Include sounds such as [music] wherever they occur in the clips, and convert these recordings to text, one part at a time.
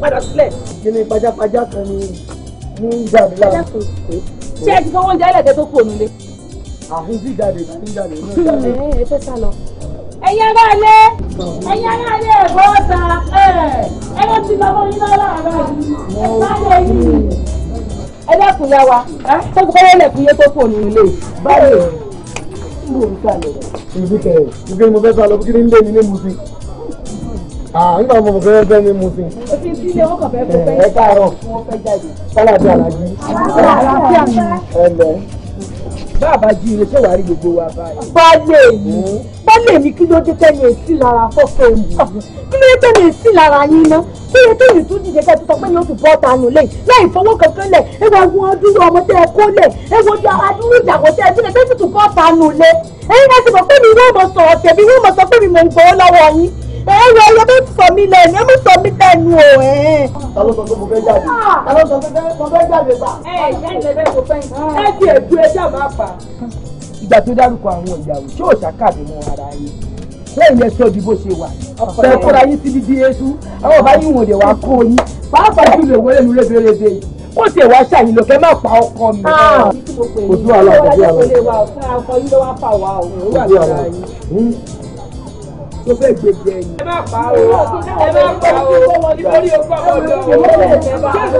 padà sílẹ̀. kíni pajápajá kan ni ní ìjàmbá. ṣé ẹ ti fọwọ́ oúnjẹ ẹlẹ́dẹ̀ẹ́ tó kù ònulé. àwọn tí ìjáde ìgbà tí ìjáde inú ìjáde. Hmm, ẹ fẹ́ sá lọ. ẹ̀yin ará alẹ́ ẹ̀yin ará alẹ́ ẹ̀bọ́ ọ̀tà ẹ̀ wọ́n ti lọ́wọ́ yín lọ́wọ́ àárọ̀ yìí ẹ dákun ya wa tó ti fọwọ́ lẹ̀kùn yé tó kù ònulé báyìí. ìbí kẹ̀ ẹ̀ mo fẹ́ sá lọ kí ní ń lé mi ní mu sí Ah, nígbà mo mọ̀ fẹ́ fẹ́ mi mu sí. o ti fi ilé wọn kàn fẹ́ fẹ́ eh, fẹ́ káàárọ̀ kọ́lá bí alájí. aláàbíà mi. ẹlẹ bàbá jí ilé ṣé wàá rí gbogbo wa báyìí. báyé yìí báyé mi kí ló dé tẹ́lẹ̀ èsì lára fọ́fọ́ mi kí ló dé tẹ́lẹ̀ èsì lára yín ná kí ló tẹ́lẹ̀ tún dìde kẹ́ ẹ ti sọ pé yóò tún bọ́ ta nù lẹ́yìn láì fọwọ́ kankan lẹ̀ ẹ wá wọn dúró ọmọ tẹ́ ẹ kó lẹ̀ ẹ wo adúrú ìjàgbọ́ tẹ́ ẹ sílẹ̀ tẹ́ ẹ sì tún bọ́ ta nù lẹ̀ ẹ̀yin láti mọ̀ pé mi yóò mọ̀ sọ̀rọ̀ tẹ̀mí yóò mọ̀ sọ pé mi mò ń gbọ́ lọ́wọ́ yín ẹ wọ ẹyẹ mọ sọ mi lẹ́nu ẹ mọ sọ mi tẹnu o ẹ. ta ló sọ pé mo fẹ́ jáde ta ló sọ pé mo fẹ́ jáde gbà. ẹ ẹ jẹ́ ẹ kò fẹ́ ẹ ti ètò ẹjọ́ máa fà. ìgbà tó dárúkọ àwọn ìyàwó tí ò ṣàkàdé mọ ara yín lẹ́yìn ẹ̀sọ́ di bó ṣe wà bẹ́ẹ̀ kóra yín síbi di esu àwọn ọba yín wọ̀n lè wá kó yín pàápàá jùlọ ìwọlé nu rédèrèdè yìí kó tiẹ̀ wá ṣàyìn lọ kẹ́ má pa ọkọ mi. kò sí wàhálà kò sí wàhálà tó fẹ́ gbèjì ẹ̀yìn. ẹ má pa o ẹ má pa o nítorí o gbọ́ ọ̀dọ́ o ṣé kò bẹ́ẹ̀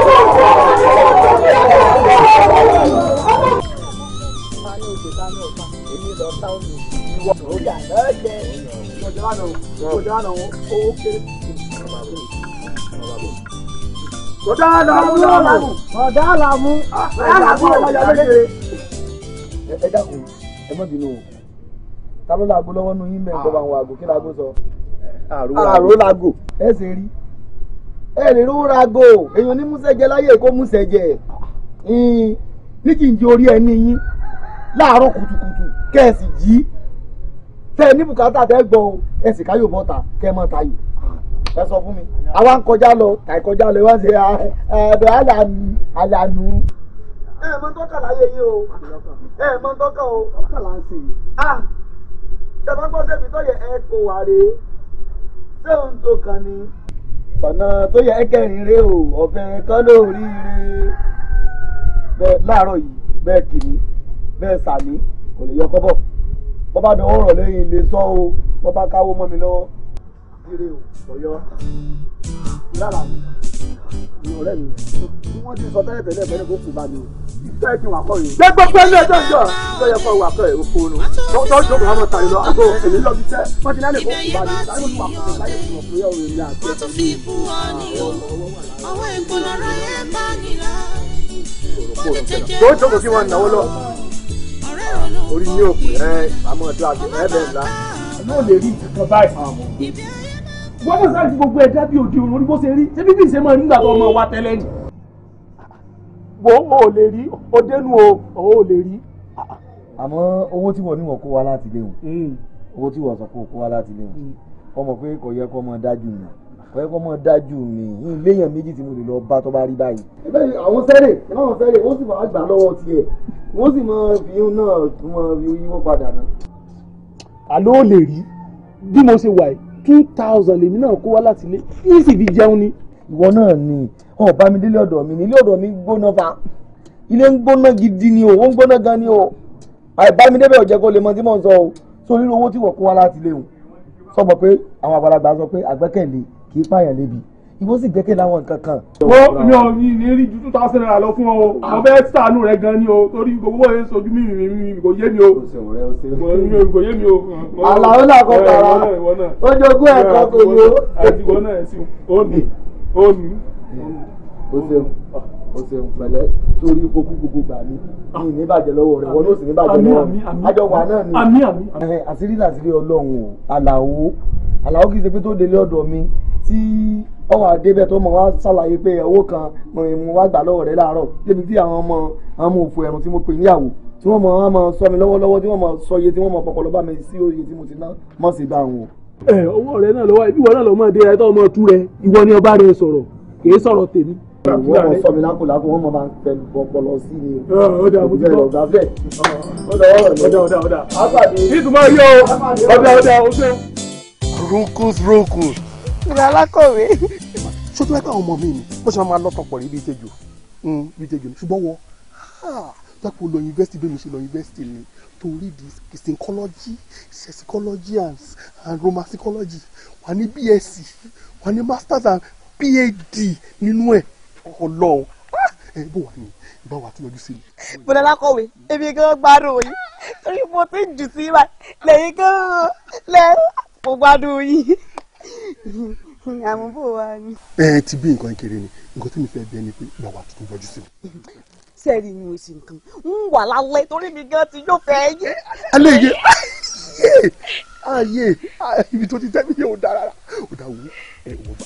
Thank you ọ̀dà làmú lọ́rùn ọ̀dà làmú ọ̀dà làmú ọ̀dà lọ́rùn. ẹ dákun ẹ má bínú o ta ló laago lọ́wọ́ nu yín mẹ́rin tó bá ń wo aago kí laago sọ. àrò laago ẹ ṣe rí ẹ lè rówó ra aago èèyàn ní músẹ̀jẹ láyé kó músẹ̀jẹ. ní kí n jẹ orí ẹni yín láàárọ̀ kùtùkùtù kẹ́ẹ̀sì jí tẹ́ ní bùkátà tẹ́ gbọ́ o awa sì káyò bọ́ta kẹ́ tayò ẹ sọ fún mi tọ́ka láyé yìí o ẹ mọ tọ́ka o là ń sè é. a gbọ́ sẹ́bi tó yẹ ẹ kó wà rè é ṣé òun tó kàn ní. ọ̀nà tó yẹ kẹrin rè o ọ̀bẹ kọ́ bẹ́ẹ̀ láàárọ̀ yìí bẹ́ẹ̀ kìíní bẹ́ẹ̀ sàmí kò lè yọ kọ́bọ̀ bọ́ bá dọwọ́ rọ̀ lẹ́yìn lè sọ o bọ́ bá káwó mọ́ mi lọ́wọ́ ire o ọ̀yọ́ lára mi ọ̀rẹ́ mi tí wọ́n ti sọ tẹ́lẹ̀ tẹ́lẹ̀ bẹ́ẹ̀ kó kù bá mi o ìfẹ́ kí òròpó òrùn tẹ̀lé tó jókòó kí wọ́n náwó lọ orí ní òkú ẹ àmọ́ ọ̀dọ́ àti ẹ̀ẹ́dẹ̀ ńlá. náà lè rí nǹkan báyìí. wọ́n náà sáré gbogbo ẹ̀dá bíi òde òrùn bó ṣe rí ṣé bíbí ìṣe máa nígbà tó ọmọ wa tẹ́lẹ̀ ni. wo o lè rí o dénú o o lè rí. àmọ́ owó tí wọ́n ní wọ́n kó wa láti léwu owó tí wọ́n sọ kó wa láti léwu ọmọ pé kò yẹ kó ọmọ dájú nìyẹn ọ̀yẹ́ kọ́ mọ́ dájú mi yín léèyàn méjì tí mo lè lọ bá tó bá rí báyìí. bẹ́ẹ̀ àwọn sẹ́rè láwọn sẹ́rè wọ́n sì máa gbà lọ́wọ́ tiẹ̀ wọ́n sì máa fi yín náà tún máa fi yíwọ́ padà náà. àlọ́ ò lè rí bí mo ṣe wà yìí two thousand lèmi náà kó wá láti ilé yìí sì fi jẹun ni. ìwọ náà ni ọba mi délé ọ̀dọ̀ mi ni ilé ọ̀dọ̀ mi gbóná fa ilé ń gbóná gidi ni o ó ń gbóná gan ni o àìbámidébẹ̀ ọ̀jẹ̀ kó lè mọ tí mò ń sọ o sórí owó tí wọ́n kó wá láti ilé o sọ mọ̀ pé àwọn àgbàlagbà sọ pé àgbẹ́kẹ̀lé kì í pààyàn lébi ìwọ sì gbẹ́kẹ̀ láwọn nǹkan kan. wọ́n mi ò ní ní rí ju two thousand naira lọ fún ọ o ah. mo fẹ́ sàánú rẹ gan ni o torí gbogbo ẹ̀ sojú mi mi mi kò yé mi o kò yé mi o. àlàó náà kọ tààrà ojoogun ẹ̀ kọ́ tòun o. àti ìwọ náà ẹ̀ sí òní òní. o ṣeun ọ̀sẹ̀ òǹpẹ̀lẹ́ sórí gbogbo gbogbo gbà mí mi ní bàjẹ́ lọ́wọ́ rẹ̀ wọn ló sì ní bàjẹ́ lọ́wọ́ mi àjọ wà náà ni àṣírí làṣírí ọlọ́run o àlàó àlàó kì í ṣe pé tó délé ọ̀dọ̀ mi tí ọwọ́ àdébẹ̀ tó mọ̀ wá ṣàlàyé pé owó kan mo wá gbà lọ́wọ́ rẹ̀ láàárọ̀ débi tí àwọn ọmọ àwọn ọmọ òfò ẹ̀rùn tí mo pè níyàwó tí wọ́n mọ̀ wọ́n mọ̀ sọ mi lọ́wọ́lọ́wọ́ tí wọ́n mọ̀ sọ iye tí wọ́n mọ̀ pọ̀pọ̀lọ́ bá mi sí oye tí mo ti ná mọ̀ sí bá wọn. ẹ ọwọ́ rẹ náà lọ́wọ́ ibi ìwọ náà lọ́mọdé ẹ tó ọmọ tú rẹ ìwọ ni ọba rẹ sọ̀rọ̀ kì í sọ̀rọ̀ tèmi wọ́n mọ̀ sọ mi lápò lápò wọ́n mọ̀ bá ń pẹ̀lú ọpọlọ sí ni ọ̀dà ọ̀dà ọ̀dà bẹ́ẹ̀ ọ̀dà ọ̀dà ọ̀dà ìtumọ̀ yóò ọ̀dà ọ̀dà ọ̀dà. runkus runkus. ìrẹ̀ alákọ̀wé. sótú ẹ̀ka ọmọ mi ni bó ṣe máa lọ tọpọ̀ rí bíi tejò hmm, bíi tejò ni ṣùgbọ́n wọ ah, dápò lọ yunifásitì bẹ́ẹ̀ mi ṣe lọ yunifásitì ni torí di psychology sexology and and psychology. wà ní bsc wà ní masters and phd nínú ẹ̀ Ọlọ́run ah, ẹbí wà ní ìbá wa ti yọjú sí mi. bọ́dà lákọ̀wé èmi gan gbádùn yìí torí mo ti jù sí wa lẹ́yìn gan lẹ́ mo gbádùn yìí àmúbò wa ni. ẹ ti bí nǹkan kéré ni nǹkan tí mi fẹ́ bẹ́ẹ̀ ni pé ìbá wa tuntun yọjú sí mi. sẹ́ẹ̀rì mi ò sì nǹkan ń wà lálẹ́ torí mi gan ti yóò fẹ́ yé. alẹ́ yé ayé ibi tó ti tẹ́ mi yóò dára ó dà ẹ̀ wọ́n bá.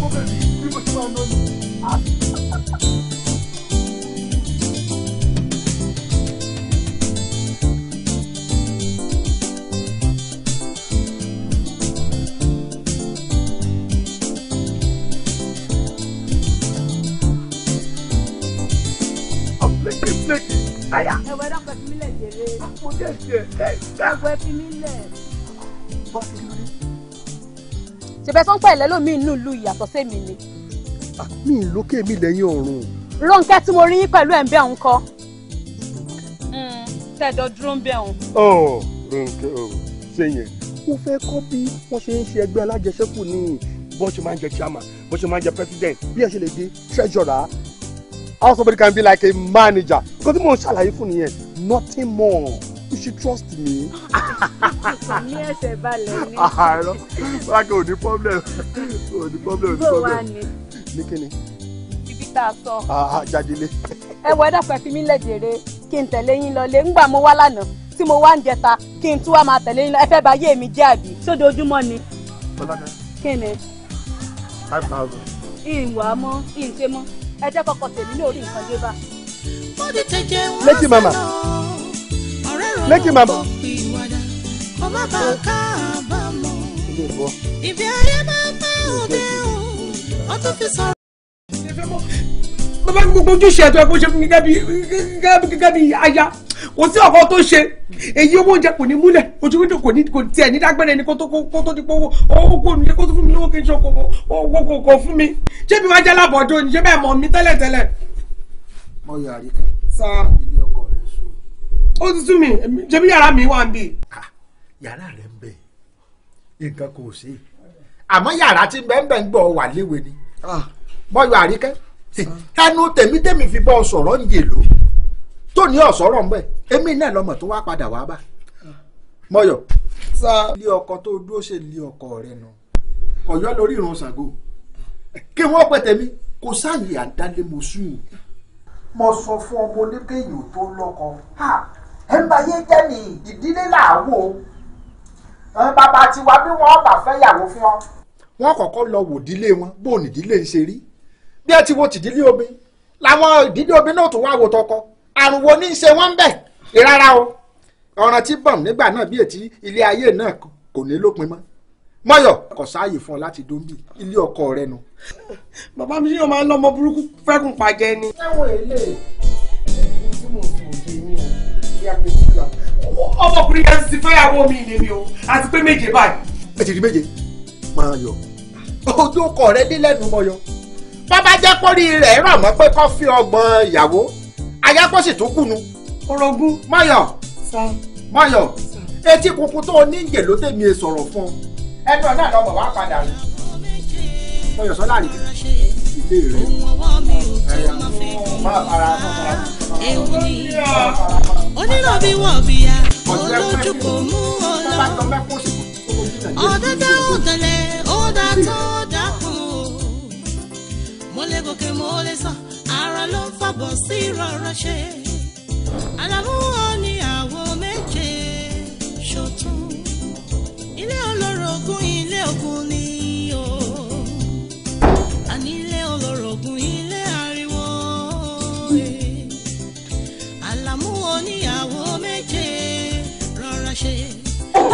problem yìí bí mo ṣe máa lọ yìí. Ẹ̀wẹ̀ dákọ̀ fi mí lẹ̀ jèrè. Mo jẹ́ ìṣe ẹ̀ dákọ̀ fi mí lẹ̀ ṣèbẹ́ tó ń pẹ̀lẹ́ lómi inú ìlú ìyàtọ̀ sẹ́mi ni. Ah, mi ì lókè mi lẹ́yìn ọ̀run. Rónkẹ́ tí mo rí yín pẹ̀lú ẹ̀ ń bẹ̀ ń kọ́. Hmm, tẹ̀dọ̀ dúró ń bẹ̀ ń. ọ Rónkẹ́ ọ ṣe mo fẹ́ kọ́ bí wọ́n ṣe ń ṣe ẹgbẹ́ alájẹsẹ́kù ní bọ́n máa ń jẹ chairman bọ́n máa ń jẹ president bí ẹ ṣe lè di treasurer how somebody can be like a manager nǹkan tí ń ṣàlàyé fún nìyẹn nothing more you should trust me. ní I balẹ̀ ni. àárọ̀ wákẹ́ ò problem Oh, the problem The ní problem. bó wa ni. ní kíni. ibi tá a sọ. jàdílé. ẹ wọ ẹdá pẹ̀fí mi lẹ́jẹ̀rẹ̀ kí n tẹ̀lé yín lọ lé ńgbà mo wá lánàá tí mo wá ń jẹta kí five thousand. ìwà mọ́ ìṣe mọ́ ẹ jẹ́ kọ́kọ́ tèmi ní orí nǹkan dé bá. lẹ́jì mama méjì you, ọmọ bàbá gbogbo ojúṣe ẹ̀tọ́ ẹ̀kọ́ ṣe fún mi gẹ́gẹ́ bí aya kò sí ọkọ tó ṣe èyí owó oúnjẹ kò ní múlẹ̀ ojú wíńdò kò ní kò tiẹ̀ ní dágbére ni kó tó kó tó di pé owó kò ní kó tó fún mi lówó kí n ṣe owó kò kò fún mi ṣé bí wàá jẹ́ lábọ̀ọ́dọ́ ṣé bẹ́ẹ̀ mọ̀ mi tẹ́lẹ̀tẹ́lẹ̀. mo yọ àríkẹ́ ilé ọkọ ó ti sú mi ṣebí yàrá mi wà ń bì. Ah, yàrá rẹ ń bẹ nǹkan kò sí àmọ́ yàrá tí bẹ́ẹ̀ ń gbọ́ wà léwe ni ah. bọ́yọ̀ àríkẹ́ ẹnu tèmítèmí fi bọ́ sọ̀rọ̀ ń yèlò tó ní ọ̀sọ́rọ̀ ń bẹ̀ èmi náà lọ́mọ tó wá padà wá bá mọ́yọ̀ ilé ọkọ tó dúró ṣe ilé ọkọ rẹ nù ọ̀yọ́ lórí ìrun ṣàgó kí wọ́n pẹ̀ tẹ̀mí kò sáàyè àdálé mo sùn mo sọ fún ọmọ oníkéyìí tó lọ́kọ ẹ ń bayé jẹ́ ní ìdílé làwò bàbá tiwa bí wọ́n bá fẹ́ yàwó fún ọ. wọ́n kọ́kọ́ lọ wò dílé wọn bó nídìílé ń ṣe rí bí ẹ ti wo tìdílé omi làwọn ìdílé omi náà tó wá wo tọkọ àrùn wo ní í ṣe wọ́n ń bẹ̀ ìrara o ọ̀ràn tí bọ̀m nígbà náà bí ètí ilé ayé náà kò ní lópin mọ́ mọ́yọ̀ kò sáàyè fún ọ láti dóńbì ilé ọkọ rẹ nu. bàbá mi yóò máa lọ́mọ burúkú fẹ́kùn pàjẹ́ ni. ẹ̀wọ̀n èlé ọmọkùnrin yẹn ti fẹ́yàwó mi ni mi o àti pé méje báyìí. ẹ ti di méje máa yọ ojú ọkọ rẹ dé lẹ́nu mọ bàbá jẹ́ kórì rẹ̀ rọ̀ mọ́ pé kó fi ọgbọ̀n ìyàwó ayápọ̀ sì tún kùnú. orogún mọ́yọ̀ mọ́yọ̀ etí kunkun tó oníjẹ ló tẹ̀mí e sọ̀rọ̀ fún ọ ẹnu ọ̀nà lọ́mọ̀ wá padà rẹ̀ mọ́yọ̀ sọ́lá rẹ̀ ilé rẹ̀ ẹ̀yà má fara mọ́ fara mọ́ onírọ̀bí wọ̀ bíyà olójú kò mú ọ lọ. ọ̀dẹ́dẹ́ ò tẹ̀lé ó dá tó dákun o. mo lè gòkè mo lè sàn ara ló ń fàbọ̀ sí rọ̀rọ̀ ṣe. àlàmú wọn ni àwo méje ṣòtún. ilé olórogún ilé ogun ni o. àní ilé olórogún ilé.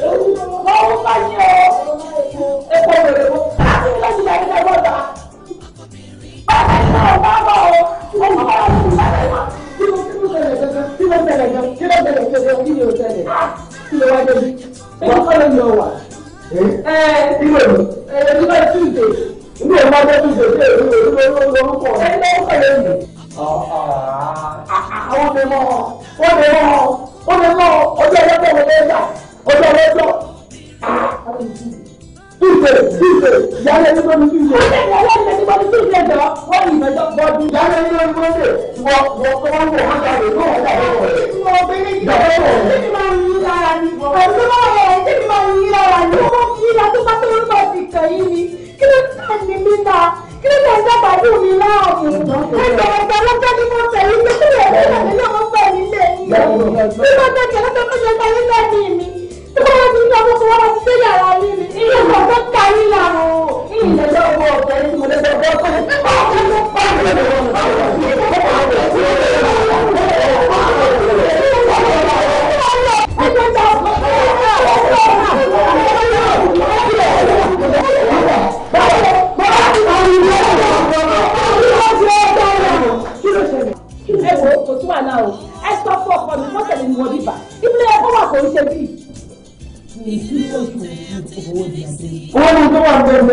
lọ́wọ́ bá yẹ ọ́ epo rẹ̀ mú àti láti yẹ kí ẹ lọ́ da. bàbá yìí náà bá bọ̀ ọ́ ó mọ̀ ọ́ bàbá yìí wà. kí ló kí ló tẹ̀lé gẹ́gẹ́ kí ló tẹ̀lé ọjọ́ lọ́jọ́ Tuesday Tuesday yálé ní bọ́dún Tuesday. Ọ̀sẹ̀ ìyá ní bọ́dún Tuesday jọ wọ́n ní ìmọ̀jọ́ bọ́dún. Yálé ní bọ́dún Monday wọ wọ tó wọ́n wọ̀ wọ́n jáde tó wọ́n jáde wọ̀ rẹ̀. Mo bẹ méjì lọ́wọ́ rẹ̀. Ṣé mi máa ń yí lára ni? Ọ̀sẹ̀ máa rẹ̀ ṣé mi máa ń yí lára ni? Mo máa ń yí lára tó bá tó ń bọ̀ sí kàn yín ni. Kí ló ń tàn ní mí náà? Kí ló ń tàn bàbá mi láàmú? Ẹgbẹ̀rún ẹgbẹ̀rún lọ́jọ́ ni mo tẹ̀lé sí yàrá yín ni ilé ọkọ̀ tó ta yín lára o. ìyẹn lọ́wọ́ ọ̀tẹ̀ mo lè sọ bọ́ọ̀kọ́ ni. ọ̀tẹ̀ ló pa mí.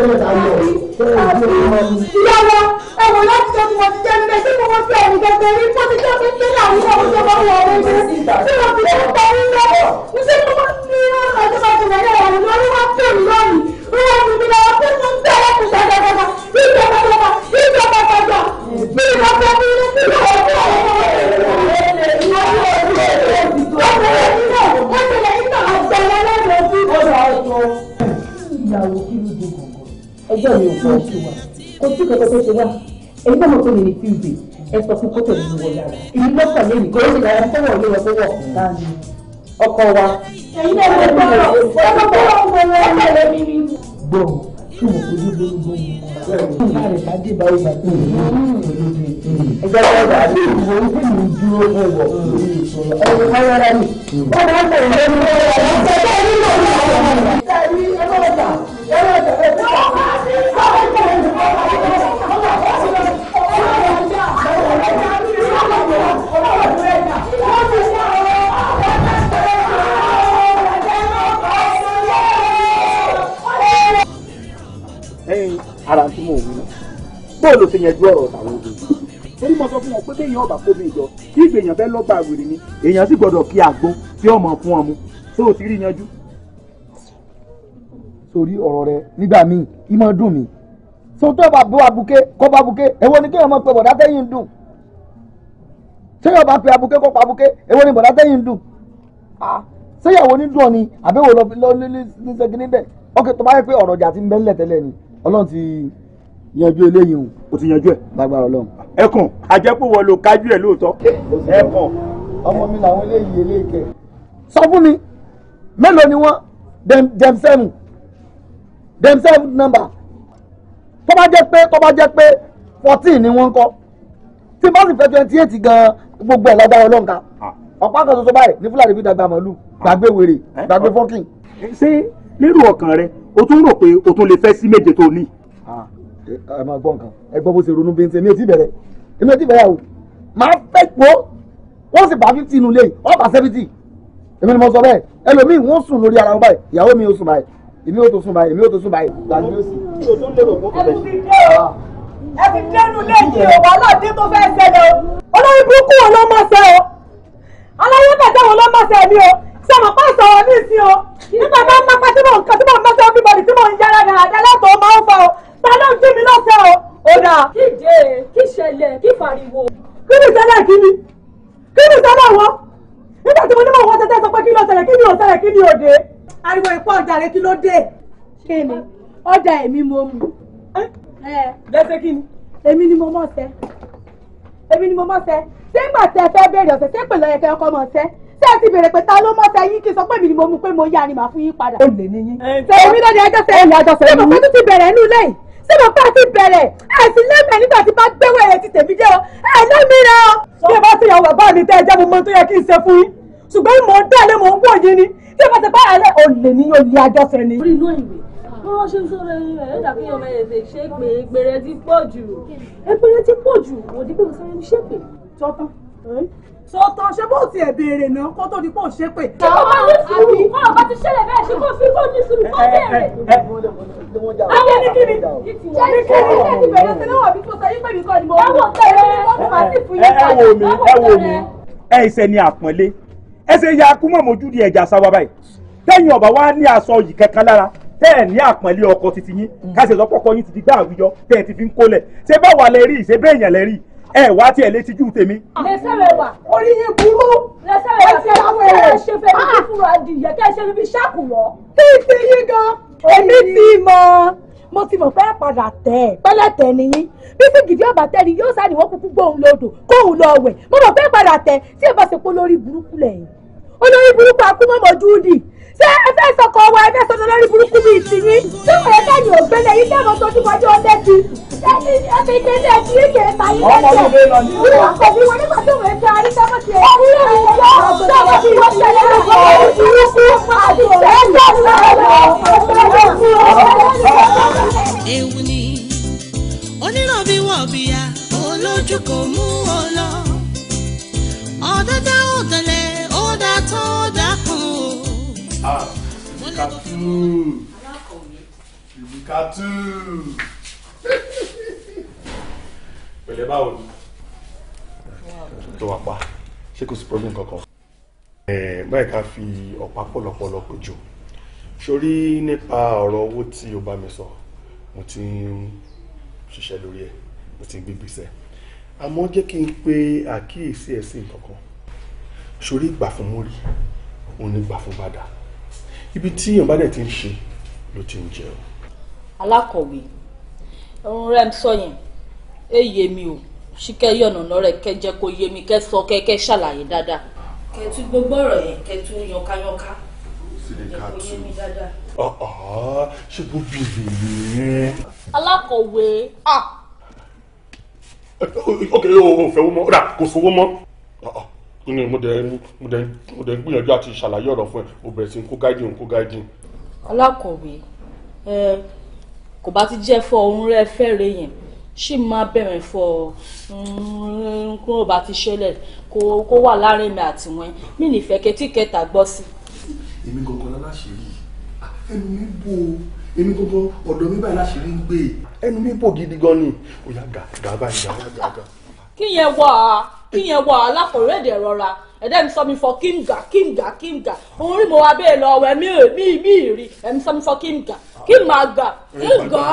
toilet and lost. èmi kò sí àwọn fọwọ́ ló lọ fọwọ́ ọkọ wa. ẹ̀yin náà lè gbọ́dọ̀ ọkọ fọwọ́ ọkọ rẹ̀ lè mi rí. gbọ́ kí mo kojú lórí gbọ́dọ̀ má rẹ̀ ká dé báyìí bá tó yẹ ẹgbẹ́ tó bá dé ìwọ ní kí mi dúró fún ìwọ ọ̀rọ̀ ayọ́ra mi. bọ́dà ń bẹ̀rẹ̀ lórí ọ̀rọ̀ bóòlù ti yẹn ju ọ̀rọ̀ tàwọn obìnrin torí mo sọ fún wọn pé kéèyàn ọba kó mi jọ kí ìgbèyàn fẹ́ lọ́gbà wèrè ni èèyàn sì gbọ́dọ̀ kí àgbo tí ọmọ fún ọmú tó o ti rí yanjú. sórí ọ̀rọ̀ rẹ nígbà míì ìmọ̀ dùn mí sọ tó bá bó abuké kọ́ bá abuké èwo ni kéèyàn mọ̀ pé bọ̀dá tẹ́yìn dùn sẹ́yìn ọba pe abuké kọ́ pa abuké èwo ni bọ̀dá tẹ́yìn dùn sẹ́yàwó ní dùn ni àbẹ̀wò lọ ní sẹ́gi níbẹ̀ ọkẹ́ tó bá yẹ pé ọ̀rọ̀ ọjà ti ń bẹ́ńlẹ̀ tẹ́lẹ̀ ni ọlọ́run ti yanjú eléyìí o. o ti yanjú ẹ. lágbára Ọlọ́run. ẹkùn àjẹpọ̀wọ̀ ló kájú ẹ lóòótọ́. ẹkùn. ọmọ mi làwọn eléyìí eléyìíkẹ. sọ fún mi mélòó ni wọn dem seven dem seven number tó bá jẹ́ pé tó bá jẹ́ pé fourteen ni wọ́n kọ́ tí bá sì fẹ́ twenty eight gan gbogbo ẹ̀ lágbára Ọlọ́run ká ah. ọ̀pá kan ṣoṣo báyìí ní Fúlàní fi dàgbà màálù gbàgbé wèrè eh? gbàgbé fọ́kìn. ṣé lérò ọkàn rẹ o tún rò pé o tún lè fẹ́ sí méje tó ní ẹ máa gbọ́ nǹkan ẹ gbọ́ bó ṣe ronú bíi èmi ò tí bẹ̀rẹ̀ èmi ò tí bẹ̀rẹ̀ o máa fẹ́ po wọ́n sì bá fifty inú ilé ọba seventy èmi ni mo sọ bẹ́ẹ̀ ẹlòmíì wọ́n sùn lórí ara wọn báyìí ìyàwó mi ò sùn báyìí èmi ò tó sùn báyìí èmi ò tó sùn báyìí gbàgbé ó lẹ́yìn o wàhálà tó fẹ́ ṣẹlẹ̀ o olórí burúkú wo ló máa ṣe o aláyé bàjẹ́ wo o sọ̀rọ̀ pa sọ̀rọ̀ ní ìsìn o nígbà bá ń máa pa tí mò ń kà tí mò ń máa ṣe everybody tí mò ń yára dáadáa látọ̀ máa ń fa o ta ló ń kí mi lọ́sẹ̀ o ò dà. kíje kí ṣẹlẹ̀ kí fariwo. kí ni ṣẹlẹ̀ kí ni kí ni ṣẹlẹ̀ wọ nígbà tí mo ní mọ̀ wọ́n tẹ́tẹ́ sọ pé kí ló ṣẹlẹ̀ kí ni ò ṣẹlẹ̀ kí ni ò dé. ariwo ìpọ́ ọjà rẹ kí ló dé. kí ni ọ̀dà èmi mo mu. lẹ́sẹ̀ kí ni. èmi ni mo mọ̀ sẹ́ èmi ni mo mọ̀ sẹ́ sẹ́gbà tẹ fẹ́ bẹ̀rẹ̀ ọ̀sẹ̀ sẹ́pẹ̀ lọ́yẹ kẹ́ ọkọ mọ̀ sẹ́ ṣé ẹ ti bèrè pé ta ló mọ ta yín kí n sọ pé mi ni mo mú pé mo yá ni màá fún yín padà. ó lè ní yín. ṣé èmi lọ́ni ẹjọ́ sẹ́yìn lọ́jọ́ sẹ́yìn. ṣé mo pẹ́ tún ti bẹ̀rẹ̀ inú lẹ́yìn ṣé mo bá ti bẹ̀rẹ̀ ẹ̀sìn lẹ́mẹ̀ nígbà tí bá gbẹ́wọ̀ ẹ̀yẹ ti tèmi jẹ́ o ẹ̀ lẹ́mìí rẹ̀ o. bí ẹ bá ti yàwó bàbá mi tẹ́ ẹ jẹ́ mo mọ tó yẹ kí n ṣe fún yín ṣùgbọ́n mò ń dálé mò ń wò yín ni tí ẹ bá ti bá alẹ́ olè ní olè àjọṣe ni. orí inú ìwé bí wọ́n ṣe ń sọ̀rọ̀ ẹ̀yìn rẹ̀ lọ́dà kí ọmọ ẹ̀ lè ṣe pé gbèrè ti pọ̀ jù. ẹgbẹ̀rẹ̀ ti pọ̀ jù òdìbò sọ sọ̀tọ̀ ṣé bó ti ẹ̀ béèrè náà kó tó di pé ò ṣe pé. àwọn ọmọ ní sùúrù kọ́ ọba ti ṣẹlẹ̀ bẹ́ẹ̀ ṣe kó fi kó ní sùúrù kó béèrè. Eh, eh, eh, ayé ní kíni ṣé ní kíni ṣé ti bẹ̀rẹ̀ sí lọ́wọ́ bí kòtò yín pẹ̀lú kọ́ni mo wò. ẹ wò mi ẹ wò mi ẹ ìṣe ni àpọ́nlé ẹ ṣe ya kúmọ̀ mojú di ẹ̀jà sáwa báyìí tẹ́yìn ọ̀bà wa ní aṣọ yìí kankan lára tẹ́ ní àpọ́nlé ọkọ titi yín ká ṣe lọ́pọ̀ yín ti di gbá àwùjọ tẹ́ ẹ ti fi ń kólẹ̀ ṣé báwa lẹ rí ìṣe bẹ́ẹ̀ yẹn lẹ rí ẹ wá tí ẹ létí jù tèmi. lẹsẹ rẹ wà orí yín burú lẹsẹ rẹ wà fẹ láwọn ah! ẹ ṣe fẹ fi fúnra adìyẹ kẹ ṣe fi ṣáàkù wọn. kí ṣe yín gan èmi ti mọ mo ti mọ̀ fẹ́ padà tẹ̀ ẹ́ pẹ́lẹ́tẹ̀ nìyí bí sì gidi ọ̀bà tẹ́ni yóò sá ni wọ́n kúkú gbóhùn lódò kóhùn lọ wẹ̀ mo mọ̀ fẹ́ padà tẹ̀ tí ẹ bá ṣe pé olórí burúkú lẹ̀ olórí burúkú akúmọ̀mọ́ dúdì ṣé ẹ fẹ́ sọkọ wa ẹ fẹ́ sọdọ lórí burúkú bíi tìyín tí mo yẹ kẹ́yìn ògbélé yìí tẹ́ mo sojú bọ́jú ọdẹ ti ẹni ẹni kéde ẹni kéde tàyí lẹ́sẹ̀ ìwé ọ̀pẹ̀lú wọn nígbà tí mo yẹ kẹ́ ayé sábà tiẹ̀ ẹni ẹ̀yọ́ sábà tí wọ́n tẹ̀lé lọ́wọ́ orí burúkú àti ẹ̀jẹ̀ lọ́wọ́ ewu ni oníràn bí wọ́n bìyà olójú kò mú ọ lọ ọ̀dẹ́dẹ́ òtẹ̀lẹ̀ ó dá tán Ah, Bùkátù. Bùkátù. Pẹ̀lẹ́ báwo ni? Tó wà pa, ṣé kò sí problem kankan? Báyìí ká fi ọ̀pá pọ̀lọpọ̀lọ pè jù. Sórí nípa ọ̀rọ̀ owó tí o bá mi sọ, mo ti ń ṣiṣẹ́ lórí ẹ̀, mo ti ń gbégbèsè. Àmọ́ jẹ́ kí n pe àkíyèsí ẹ̀ sí nǹkan Sórí ìgbà fún mórí, òun ni ìgbà fún bàdà ibi tí èèyàn bá dẹ̀ ti ń ṣe ló ti ń jẹun. alákọ̀wé ọ̀run rẹ̀ ń sọ yẹn ẹ yé mi o ṣíkẹ́ yọ̀nà lọ́rẹ̀ kẹ́ jẹ́ kó yé mi kẹ́ sọ kẹ́ kẹ́ ṣàlàyé dáadáa. kẹtù gbogbo ọ̀rọ̀ yẹn kẹtù yankayanka ṣe bó bí ìlú yẹn. alákọ̀wé. Ah! ok o fẹ́ wọ́n mọ́ kò sówó mọ́ inú mo dẹ̀ mo dẹ̀ mo dẹ̀ gbìyànjú àti ṣàlàyé ọ̀rọ̀ fún ẹ o bẹ̀rẹ̀ sí ń kó gáìdì ń kó gáìdì. alákọ̀wé ẹ kò bá ti jẹ́ fọ ohun rẹ fẹ́rẹ̀ yẹn ṣì máa bẹ̀rẹ̀ fọ mm, kó o bá ti ṣẹlẹ̀ kó wà láàrin mi àti wọn mí nìfẹ́ kẹtí kẹta gbọ́ sí. èmi gangan láláṣẹ́rí ah, ẹnu mi bò ó èmi gangan ọ̀dọ̀ mi báyìí láṣẹ́rí ń gbé ẹnu mi bò gidi gan ni ó yá gà gà báyìí gà gà gà. kí kíyẹn wọ aláfọ̀rọ̀ èdè rọra ẹ̀dẹ́ mi sọ mi fọ kíngà kíngà kíngà òun rí mo wá bẹ́ẹ̀ lọ ọ̀wẹ́ mi mi mi rí ẹ̀mi sọ mi fọ kíngà kí màá gà kíngà.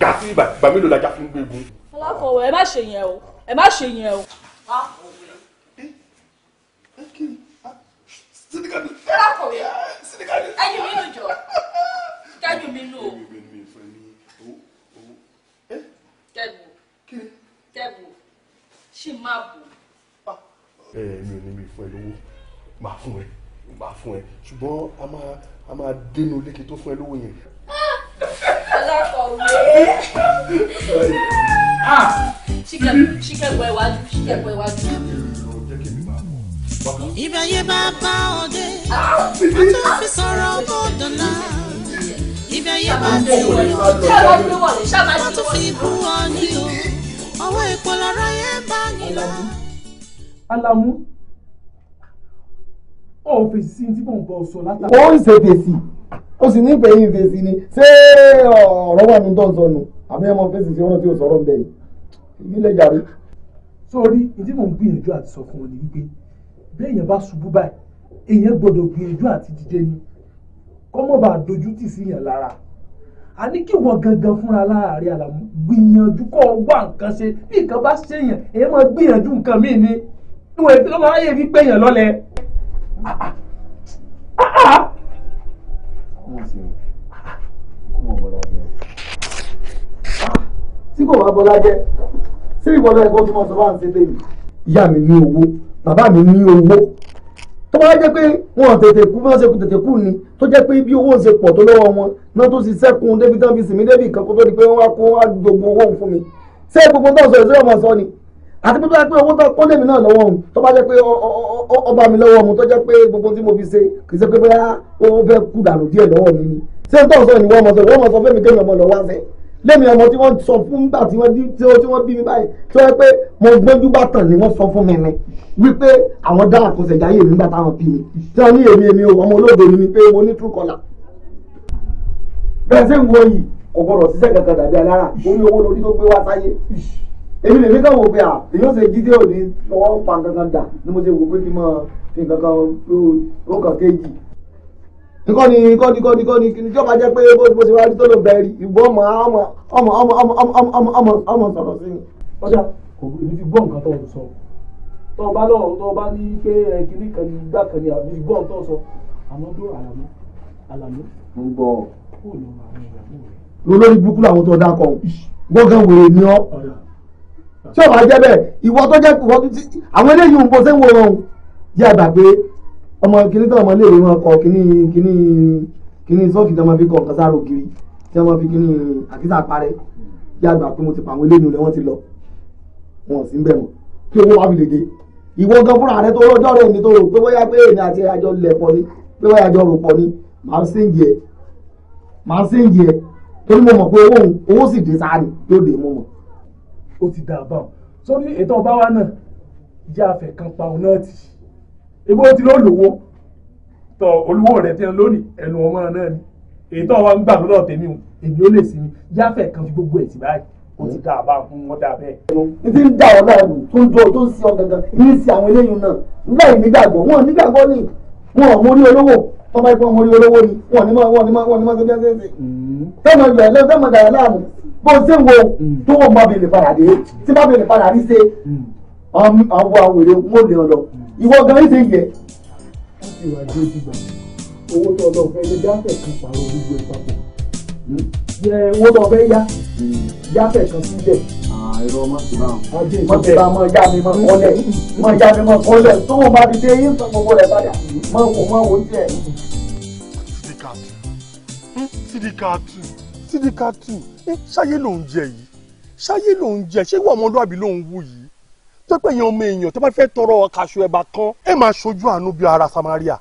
gà sí ibà ìgbà mélòó la já fún gbégun. aláfọwọ́ ẹ má ṣe yẹn o ẹ má ṣe yẹn o. sinikani. aláfọwọ́ ṣì máa bù. mi ò ní mi fún ẹ lówó máa fún ẹ máa fún ẹ ṣùgbọ́n a máa a máa dénú lékè tó fún ẹ lówó yẹn. alákọ̀wé. Ah! Ah! ṣíkẹ̀gbọ́ iwájú ọdẹ wọ́n ah! fi sọ̀rọ̀ bọ́ọ̀dọ̀ náà ìbẹ̀yẹ bá fi wọ́n fi bú ọ ní o ọwọ́ ìpolọ́ra yẹn bá nílò alamu ó fèsì sí tí mò ń bọ̀ sọ látàkùn. ó ń ṣe fèsì ó sì nífẹ̀ẹ́ yín fèsì ni ṣé ọ̀rọ̀ wà ní tọ́sọ̀ nù àbí ẹ mọ fèsì sí ọ̀rọ̀ tí ò sọ̀rọ̀ ń bẹ̀ ni ìbílẹ̀ jàre. sórí ìdí mò ń gbìyànjú àti sọ fún ọ ní wípé bí èèyàn bá ṣubú báyìí èèyàn gbọ́dọ̀ gbìyànjú àti dìde ni kọ́mọ̀ bá dojú tì sí yàn lára a ní kí wọ́n gangan fúnra lára àlàmú gbìyànjú kọ́ wá nǹkan ṣe bí nǹkan bá ṣèyàn èèyàn máa gbìyànjú nǹkan míì ni níwọ̀n ètò ọmọ ayé fi gbẹ̀yàn lọ́lẹ̀. tí kò wá bọ́lá jẹ́ sí ìbọ̀lá ẹ̀kọ́ tí mo sọ fáwọn ṣe tèmi. ìyá mi ní owó bàbá mi ní owó tó bá jẹ́ pé wọn tètè kú bí wọ́n ṣe kú tètè kú ni tó jẹ́ pé bí owó ń ṣe pọ̀ tó lọ́wọ́ wọn náà tó sì sẹ́kùn débi tán fi sìn mí débi kan kó tó di pé wọ́n á kó wá gbogbo owó fún mi ṣé gbogbo tó ń sọ ìṣẹ́ ọmọ sọ ni àti pé tó jẹ́ pé owó tó kó lèmi náà lọ́wọ́ òun tó bá jẹ́ pé ọba mi lọ́wọ́ òun tó jẹ́ pé gbogbo tí mo fi ṣe kì í ṣe pé bóyá ó fẹ́ kú dànù díẹ̀ lọ́wọ́ mi ni ṣé n tó sọ ìwọ ọmọ sọ ìwọ ọmọ sọ fẹ́mi kémi ọmọ lọ wá sẹ́ lèmi ọmọ tí wọ́n sọ fún nígbà tí wọ́n tí wọ́n bí mi báyìí tó jẹ́ pé mo gbójú bá tàn ni wọ́n sọ fún mi ni wípé àwọn dá àkọsẹ̀jáyé mi mi tí ni pé mo ní true caller bẹ́ẹ̀ sẹ́ ń wọ yìí kò gbọ́dọ̀ ṣiṣẹ́ kankan dàbí èmi lèmi kàn wò pé à èyàn ṣe jíde òní lọ́wọ́ pa kankan dà ni mo ṣe wò pé kí n máa fi kankan ó kàn kéjì. nǹkan ni nǹkan ni nǹkan ni kí ni jọba jẹ́ pé bó ṣe wá rí tó ló bẹ̀rẹ̀ ìbọn ọmọ ọmọ ọmọ ọmọ ọmọ ọmọ ọmọ ọmọ ọmọ sọ̀rọ̀ sí mi. ọjà kò ní ti gbọ́ nǹkan tó ń sọ tó o bá lọ tó o bá ní pé kinní kan ní igbá kan ní àbí gbọ́ tó sọ àmọ́ dó àlàmú àlàmú. mo ń bọ̀. lórí burúkú làwọn tó dá kọ gbọ́ngàn tí ọba jẹ́ bẹ́ẹ̀ ìwọ tó jẹ́ ìwọ tó ti àwọn eléyìí ń bọ́ sẹ́wọ̀n wọn jẹ́ àgbàgbé ọmọ kìíní tó ọmọ iléèwé wọn kọ kìíní kìíní kìíní sọ́ọ̀kì tí wọ́n fi kọ̀ kásáró kiri tí wọ́n fi kìíní àkísà parẹ́ jẹ́ àgbà pé mo ti pa àwọn eléyìí rẹ̀ wọ́n ti lọ wọn sì ń bẹ̀ wọn kí owó wá fi lè dé ìwọ gan fúnra rẹ tó rọjọ́ rẹ̀ ní tó rò pé bóyá pé èmi àti àjọ lẹ̀ pọ̀ ni pé bóyá àjọ rò pọ̀ ni màá sí ń jẹ màá sí ń jẹ torí mo mọ̀ pé owó sì dé sáà ni yóò dé mo mọ̀ ó ti dà bá wọn sórí ètò ọba wa náà jẹ́ àfẹ̀kan pa òun náà tì ebó ti ló lówó tọ olówó rẹ̀ tiẹ̀ lónìí ẹnu ọmọ náà ni ètò ọba ń gbà lọ́dọ̀ tèmi o èmi ò lè sinmi jẹ́ àfẹ̀kan fi gbogbo ẹ̀ tì báyìí ó ti dà bá fún wọn dà bẹ́ẹ̀. n ti ń dà ọ́ láàrú tó ń jó tó ń sí ọ gangan ní sí àwọn eléyìí náà láì nígbàgbọ́ wọn nígbàgbọ́ ni wọn ò mórí olówó tọ́ba ìfọ̀n mórí olówó ni wọn ni wọn ni wọn ni wọn ni wọn ti bí wọn ti ń sè. tọ́mọ ìgbà ẹ̀ lọ́wọ́ tọ́mọ ìgbà bó ṣe wo mm. tó wọ́n mọ́ bèèrè padà dé tí bá bèèrè padà rí ṣe mm. àwọn àwọn èrè wọn lè lọ mm. ìwọ gan ṣe yẹ. láti wà dé dìgbà owó tó ọlọ́run fẹ́ lé jáfẹ́ kan pàrọ̀ gbogbo ẹ̀ papọ̀ yẹ owó tó fẹ́ yá jáfẹ́ kan sílẹ̀. àìrọ má ti bá wọn. má ti bá mọ já mi mọ kọlẹ̀ mọ já mi mọ kọlẹ̀ tó wọ́n bá ti dé yín sọ gbogbo rẹ̀ padà mọ kò mọ wo tiẹ̀. Sidikatu Sidikatu sídìkàtù ṣáyé ló ń jẹ yìí ṣáyé ló ń jẹ ṣé ìwà ọmọlúwàbí ló ń wù yìí tó pé èèyàn ọmọ èèyàn tó bá fẹ́ tọrọ kàṣọ ẹ̀bà kan ẹ máa ṣojú àánú bíi ara samaria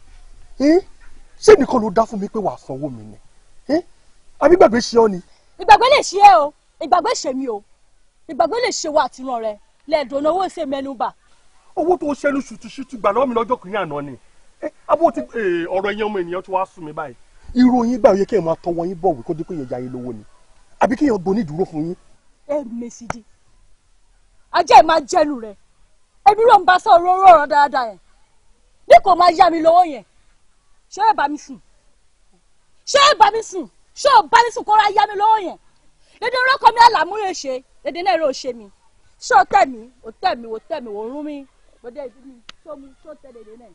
ṣé nìkan ló dá fún mi pé wàá sanwó mi ni àbí gbàgbé ṣe ọ ni. ìgbàgbé lè ṣe é o ìgbàgbé ṣe mi o ìgbàgbé lè ṣe wa àtìrán rẹ lẹ́ẹ̀dùn owó ṣe mẹ́nubà. owó tó ṣẹnu ṣùtùṣùtù gbà lọ́wọ́ mi lọ́jọ́ kìíní àná ni ọ̀rọ̀ ẹ̀yàn ọmọ ènìyàn tó wá sùn mi báyìí ìròyìn gbà yẹ kí ẹ máa tọwọ́ yín bọ̀wé kó dípò yẹn ya yín lówó ni àbí kí yẹn gbóni dúró fún yín. ẹ mèsìdì ajá ẹ máa jẹnu rẹ ẹbí ló ń bá sọ òróró ọ̀rọ̀ dáadáa yẹn bí kò máa yá mi lówó yẹn ṣé ẹ bá mi sùn ṣé ẹ bá mi sùn ṣé ò bá mi sùn kó ra yá mi lówó yẹn dédé orúkọ mi àlàmú yẹn ṣe dédé náà èrò ṣe mi ṣé ò tẹ̀ mí ò tẹ̀ mí ò tẹ̀ mí ò rún mi gbọ́dọ̀ ìdí mi tó mu tó tẹ̀ dédé náà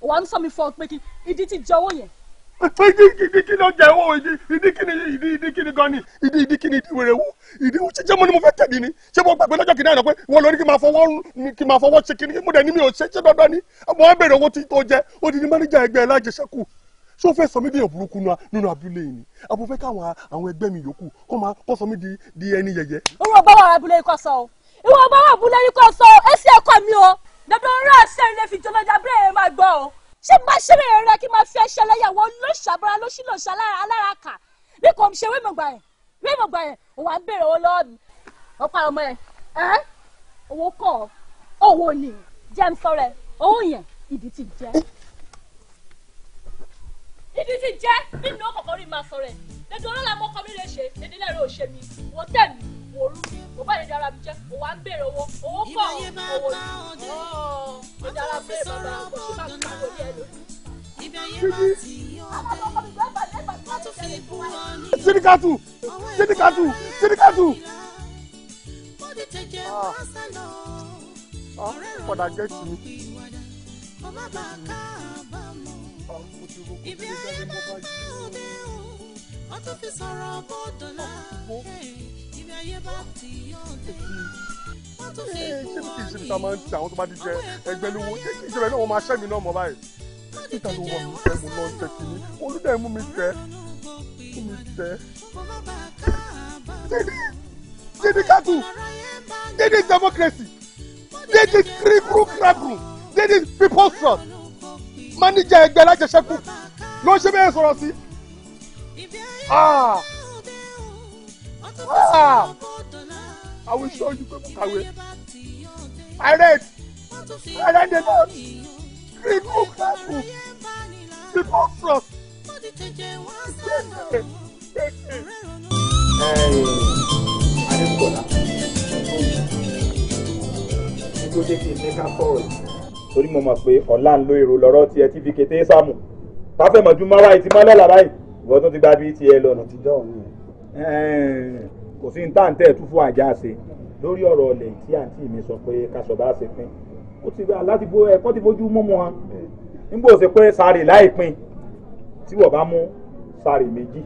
òwò à ń sọ mi fọ pé kí ìdí ti jọ owó yẹn ìdí ìdí kí ló jẹ owó ìdí ìdí kí ni ìdí ìdí kí ni gan ni ìdí ìdí kí ni ìdí wèrè wú ìdí wú jíjẹ́ mo ni mo fẹ́ tẹ̀lé ni ṣé mo gbàgbé lọ́jọ́ kìnìún àná pé wọ́n lórí kí máa fọwọ́ kí máa fọwọ́ ṣe kìnìún mo dẹ̀ ní mi ò ṣe ṣe dandan ni mo á bèrè owó tí tó jẹ ó di ní mẹ́nẹ́jà ẹgbẹ́ ẹ̀ lájẹsẹ́kù ṣó fẹ́ sọ mí di òbúrúkú nínú abúlé yìí ni àbò fẹ́ káwọn àwọn ẹgbẹ́ mi yòókù kó máa kó sọ mí di ẹni yẹ̀yẹ́. owó ọgbà wà abúlé yìí kò sọ o ìwọ ọgbà wà abúlé yìí kò sọ o èsì ẹ̀kọ́ mi o dandan rẹ̀ ṣẹ́yìn lè fi jọlọ́jà abúlé yẹn máa gbọ́ o ṣé máa ṣe rere rẹ kí n máa fi ẹṣẹ lẹyàwó lóṣàbọra lóṣìlóṣà alára kà ní kò ń ṣe wíìmù gbà yẹn wíìmù gbà yẹn òwà ń béèrè owó lọ́wọ́ mi ọ̀pá ọmọ yẹn ẹ́ owó kọ́ owó ni jẹ́ ń sọ́rẹ́ owó yẹn ìdí ti jẹ́ ìdí ti jẹ́ nínú ọkọ̀ọ̀kan rí máa sọ̀rẹ́ lẹ́dùn ọlọ́lá mọ́kọ́ mi lè ṣe èdè lẹ́rọ òṣèmi wọ́n tẹ̀ mí wòrú mi mo bá lè dára mi jẹ́ mo wá ń béèrè owó owó pọ̀ owó ni mo dára béèrè bàbá kò sí máa fi wòlé ẹ lórí. Sídìkàtù sídìkàtù sídìkàtù. Padà gẹ̀ẹ́sì mi. Ibi ah, ayé ṣe ta eh, máa ń ti àwọn tó bá ti jẹ ẹgbẹ́ lówó ṣé kí ìṣẹ̀lẹ̀ náà wọ́n máa ṣẹ́ mi náà mọ́ báyìí níta ló wọ̀ mí fẹ́ mo lọ jẹ kìíní olùdá ẹ̀ mú mi tẹ́ mú mi tẹ́ dídí kátù dídí democracy dídí kíríkú kírákù dídí people's trust máníjà ẹgbẹ́ alájẹsẹ́kù ló ṣe bẹ́ẹ̀ sọ̀rọ̀ sí. Ah! I will show you people kàwé. I read. I read the book. Read book, that book. The book from. Hey, I Ibo jẹ́ kí n ní ká sọ̀rọ̀ yìí. Torí mo mọ̀ pé ọ̀la ń lo èrò lọ́rọ́ tiẹ̀ tí fi kété sáàmù. Káfẹ́ mọ̀jú máa wáyé ti máa lọ́la Ìwọ́n tún ti gbá bí tiẹ̀ lọ kò sí ní táǹtẹ̀ tún fún àjà ṣe lórí ọ̀rọ̀ ọ̀lẹ̀ tí àǹtí mi sọ pé kásọ̀bá ṣe pín ó ti gbà láti bo ẹ̀kọ́ ti fojú mú mu wọn nígbà ó ṣe pé sáré láìpín tí wọ́n bá mú sáré méjì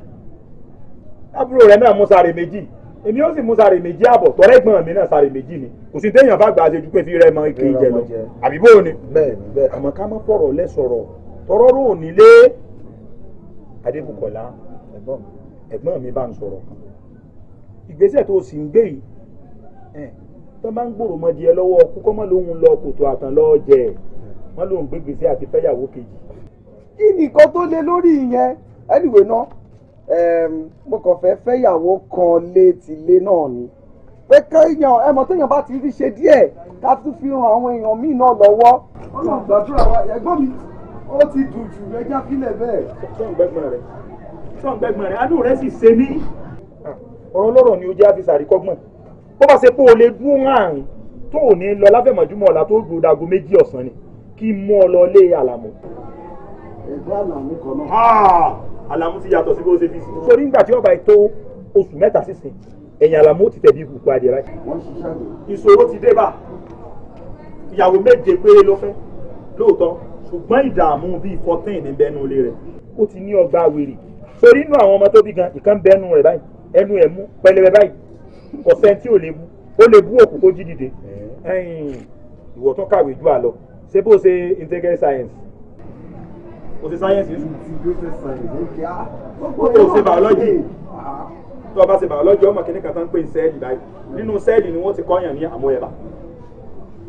àbúrò rẹ̀ náà mú sáré méjì èmi ó sì mú sáré méjì àbọ̀ tọ́lá ìgbọ̀n mi náà sáré méjì ni kò sí téèyàn bá gbà ṣe ju pé fi rẹ mọ ike ìjẹ lọ àbí bó ni. bẹ́ẹ̀ni bẹ́ẹ̀ àmọ́ ká má fọ̀rọ̀ lẹ sọ̀rọ̀ tọrọ rò nílé adébùkọlá ẹ̀gbọ́n mi bá ń sọ̀rọ̀ ìgbésẹ̀ tó o sì ń gbé yìí tó máa ń gbòòrò mọ́dí ẹ lọ́wọ́ kókó mọ́ lòun lọ kòtò àtàn lọ́ọ́ jẹ wọ́n lòun gbé gbèsè àti fẹ́yàwó kejì. kí nìkan tó lé lórí ìyẹn anyway náà mo kàn fẹ́ fẹ́yàwó kan létílé náà ni pé kéèyàn ẹmọ téèyàn bá ti rí ṣe díẹ̀ ká tún fi ran àwọn èèyàn míì náà lọ́wọ́. ọlọ́run gbàdúrà wa ẹ̀gbọ́n mi ó ti dùn jù ẹja fílẹ̀ bẹ́ẹ̀. sọ̀ǹgbẹ́gbọ̀n rẹ̀ sọ̀ǹgbẹ́gbọ̀n rẹ̀ adùn rẹ̀ sì ṣe mí ọ̀rọ̀ lọ́rọ̀ ni ó jẹ́ àfi sàríkọ́gbọ̀n bó bá ṣe pé o lè dúró márùn tó ò ní lọ láfẹ̀mọ́júmọ́ ọ̀la tó gbòó dago méjì ọ̀sán ni kí mú ọ lọ lé àlàmú. ẹgbẹ́ àlàmú kan náà. àlàmú ti yàtọ̀ sí bó ṣe fi sí. sórí ńgbà tí ọba ètò oṣù mẹ́ta sísìn ẹ̀yìn àlàmú ti tẹ̀ bí ibùkù adìrẹ. ìṣòro ti dé bá ìyàwó méje péré ló fẹ́ lóòótọ́ ṣùgbọ́n ìdààmú bíi fourteen ní bẹ́nu ilé rẹ̀ ó ti ní ọgbà wèrè sórí inú àwọn ọmọ tó bí gan ìkan bẹ́nu rẹ̀ báyìí ẹnu ẹ̀ mú pẹlẹbẹ báyìí kò sẹ́ni tí ò lè mú ó lè bú òkú tó jí dìde ìwọ tó kàwé jù àlọ ṣé bó ṣe integral science o ṣe science yìí o ṣe ah, biology ah. tó o bá ṣe biology ọmọ kìnnì kan tó ń pè sẹ́ẹ̀lì báyìí nínú sẹ́ẹ̀lì ni wọ́n ti kọ́yàn ní àmú ẹ̀bà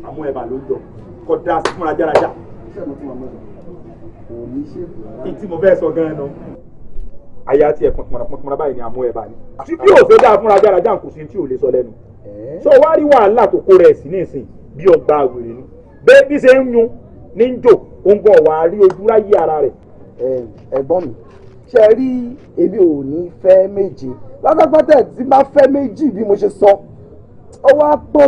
àmú ẹ̀bà ló ń jọ kọ́ da sí fúnra járaja. ìtì mo bẹ́ẹ̀ sọ gan-an náà àyà tiẹ̀ e pọnpọnra báyìí ni àmú ẹ̀ bá ní. Ah, tí bí òfin dáa fúnra jára jáà kò sí tí ò lè sọ lẹ́nu. Eh? sọ wá rí wàhálà tó kó rẹ̀ sí nísìn bí ọgbà wèrè ni bẹ́ẹ̀ bí ṣe ń yun ní ń jò ó ń bọ̀ wá rí ojú ráyé ara rẹ̀. Eh, ẹ̀gbọ́n mi ṣe rí èmi ò ní fẹ́ méje lágbàgbọ́tẹ̀ tí bá fẹ́ méjì bí mo ṣe sọ ó wá pọ̀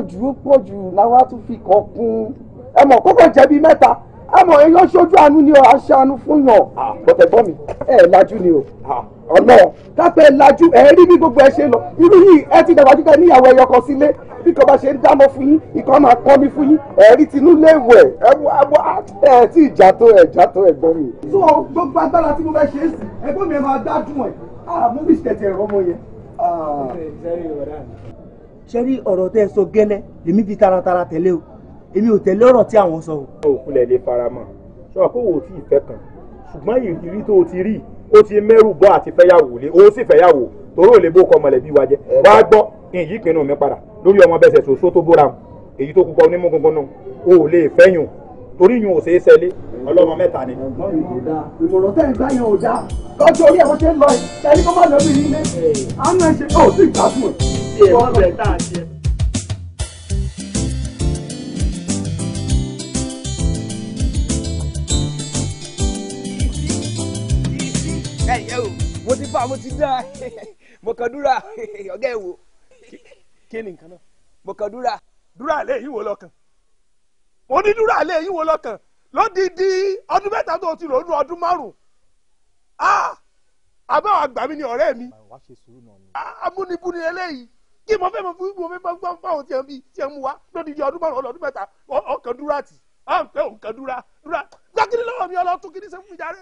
jù làwọn á tún fi kàn kún ẹ mọ̀ kókò jẹ́ bí mẹ́ta àmọ́ èèyàn ṣojú àánú ni ọ aṣáánú fún yàn ah, bọ̀tẹ̀ bọ́ mi ẹ lajú ni o ah. ọ̀nà tápẹ́ lajú ẹ rí bí gbogbo ẹ ṣe lọ irú yìí ẹ ti dàgbà jùlọ níyàwó ẹyọ kan sílé bí kan bá ṣe ń dámọ́ fún yín ìkan máa kọ́ mi fún yín ẹ rí tinú léèwọ̀ ẹ ẹ tí ìjà tó ẹ já tó ẹ gbọ́ mi. tó gbogbo agbára tí mo fẹ́ ṣe é sí ẹgbọ́n mi ẹ máa dájú ẹ̀ àmú ah, bí ìṣẹ̀tẹ̀ ẹ̀rọ ọmọ yẹn. ṣẹ́rí ọ̀rọ̀ tẹ́ ẹ sọ gẹ́lẹ́ lèmi fi taratara tẹ̀lé o èmi ò tẹ̀lé ọ̀rọ̀ tí àwọn sọ. o ò kulẹ̀ lè fara mọ́ sọ pé o ò tí ì fẹ́ kàn ṣùgbọ́n ìrírí tó o ti rí o ti mẹ́rù bọ́ àti fẹ́yàwó lé o sì fẹ́yàwó torí ò lè bó kọ mọ̀lẹ́bí wa jẹ́ wá gbọ́ ìyí pinnu mi padà lórí ọmọ bẹsẹ̀ ṣoṣo tó bóra mu èyí tó kúkọ onímọ̀ gbọ́ngbọ́n náà o ò lè fẹ́yùn torí yùn ò ṣeé ṣẹlé ọlọ́mọ mẹ́ta ni. ìmọ̀ràn tẹ́ ìgbà yẹn ò dáa lọ́jọ́ orí ẹ̀wọ̀n ṣe ń lọ ẹ̀ ẹni kọ́ bá mo ti fa mo ti dá mo kàn dúrà ọ̀gá ẹ̀ wò kí ni nǹkan náà mo kàn dúrà. dúrà lè yíwo lọ́kàn mo ní dúrà lè yíwo lọ́kàn lódìdí ọdún mẹ́ta tó ti ròónú ọdún márùn-ún àbáwọn àgbà mi ni ọ̀rẹ́ mi amúnibúni eléyìí kí mo fẹ́ mo fún mo fẹ́ fún fáwọn tiẹ̀ bí tiẹ̀ mú wa lódìdí ọdún márùn-ún ọdún mẹ́ta ọkàn dúrà tì á ń fẹ́ òǹkà dúrà dúrà gbàgídí lọ́wọ́ mi ọlọ́tún kí ni sẹ́fún mi jáde.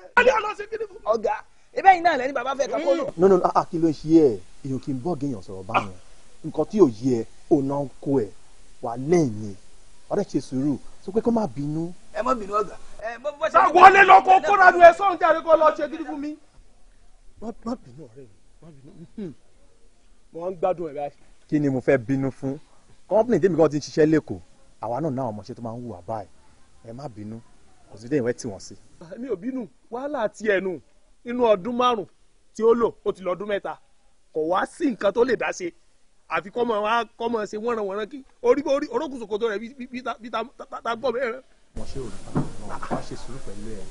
ọ̀gá ibẹ̀ yìí náà lẹ́ni bàbá fẹ́ kakó lò. no no ah, ah kí ló ń ṣe ẹ èyàn kì í bọ́ gèèyàn sọ̀rọ̀ báyẹn nǹkan tí ò yẹ ò náà ń kó ẹ wà lẹ́yìn ọ̀rẹ́ ṣe sùúrù sọ pé kó má bínú. ẹ má bínú ọ̀gá. ṣàwọlé lọkọ kóra nu ẹ sọ̀rọ̀ jáde kó lọ ṣe gidi fún mi. má bínú ọ̀rẹ́ mi má bínú hmm. mo ń gbádùn ẹ̀ báyìí. kí ni mo fẹ́ bínú fún kọ́ńpìnì tèmi kan ti ń ṣiṣẹ́ lẹ́kọ̀ọ́ àwa náà náà ọmọọṣẹ́ tó máa ń hùwà báyìí ẹ má bínú òsì wẹ́ tì wọ́n sí. mi ò bínú wàhálà àti ẹnu nínú ọdún márùn tí ó lò ó ti lọ́dún mẹ́ta kò wá sí nǹkan tó lè dá ṣe àfi kọ́mọ wa kọ́mọ ṣe wọ́nran wọ́nran kí orí orí orókùnsokoto rẹ̀ bí ta gbọ́ mẹ́rin. wọ́n ṣe òrùka wọ́n ṣe sùúrù pẹ̀lú ẹ̀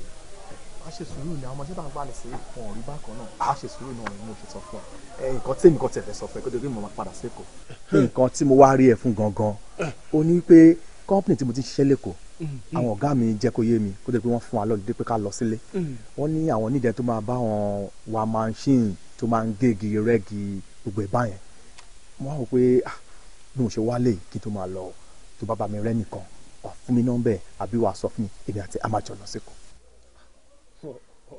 a ṣe sùúrù ni àwọn ọmọ ṣẹ́ta ń gbà lè fún ọ̀rí bákan náà a ṣe sùúrù náà ni mo ṣe sọ fún ẹ nǹkan tí nǹkan tẹ̀fẹ̀ sọ fún ẹ kó tó dé mo máa padà sí èkó. nǹkan tí mo wá rí ẹ fún gangan ó ní pé company tí mo ti ṣiṣẹ́ lẹ́kọ̀ọ́ mhm. àwọn ọ̀gá mi jẹ́ kó yé mi kó dẹ̀ pé wọ́n fún wa lọ́dún dé pé ká lọ sílé mhm. wọ́n ní àwọn nídẹ̀ tó máa bá wọn wa machine tó máa ń gégi rẹ́gi gbogbo ẹ̀ báyẹn mo wá wò pé ah bí mo ṣe wálé kí tó máa lọ tó bá bá mi rẹ́ nìkan wà fún mi nọ́mbẹ̀ àbí wàá sọ fún mi èmi àti amájọ lọ síkò.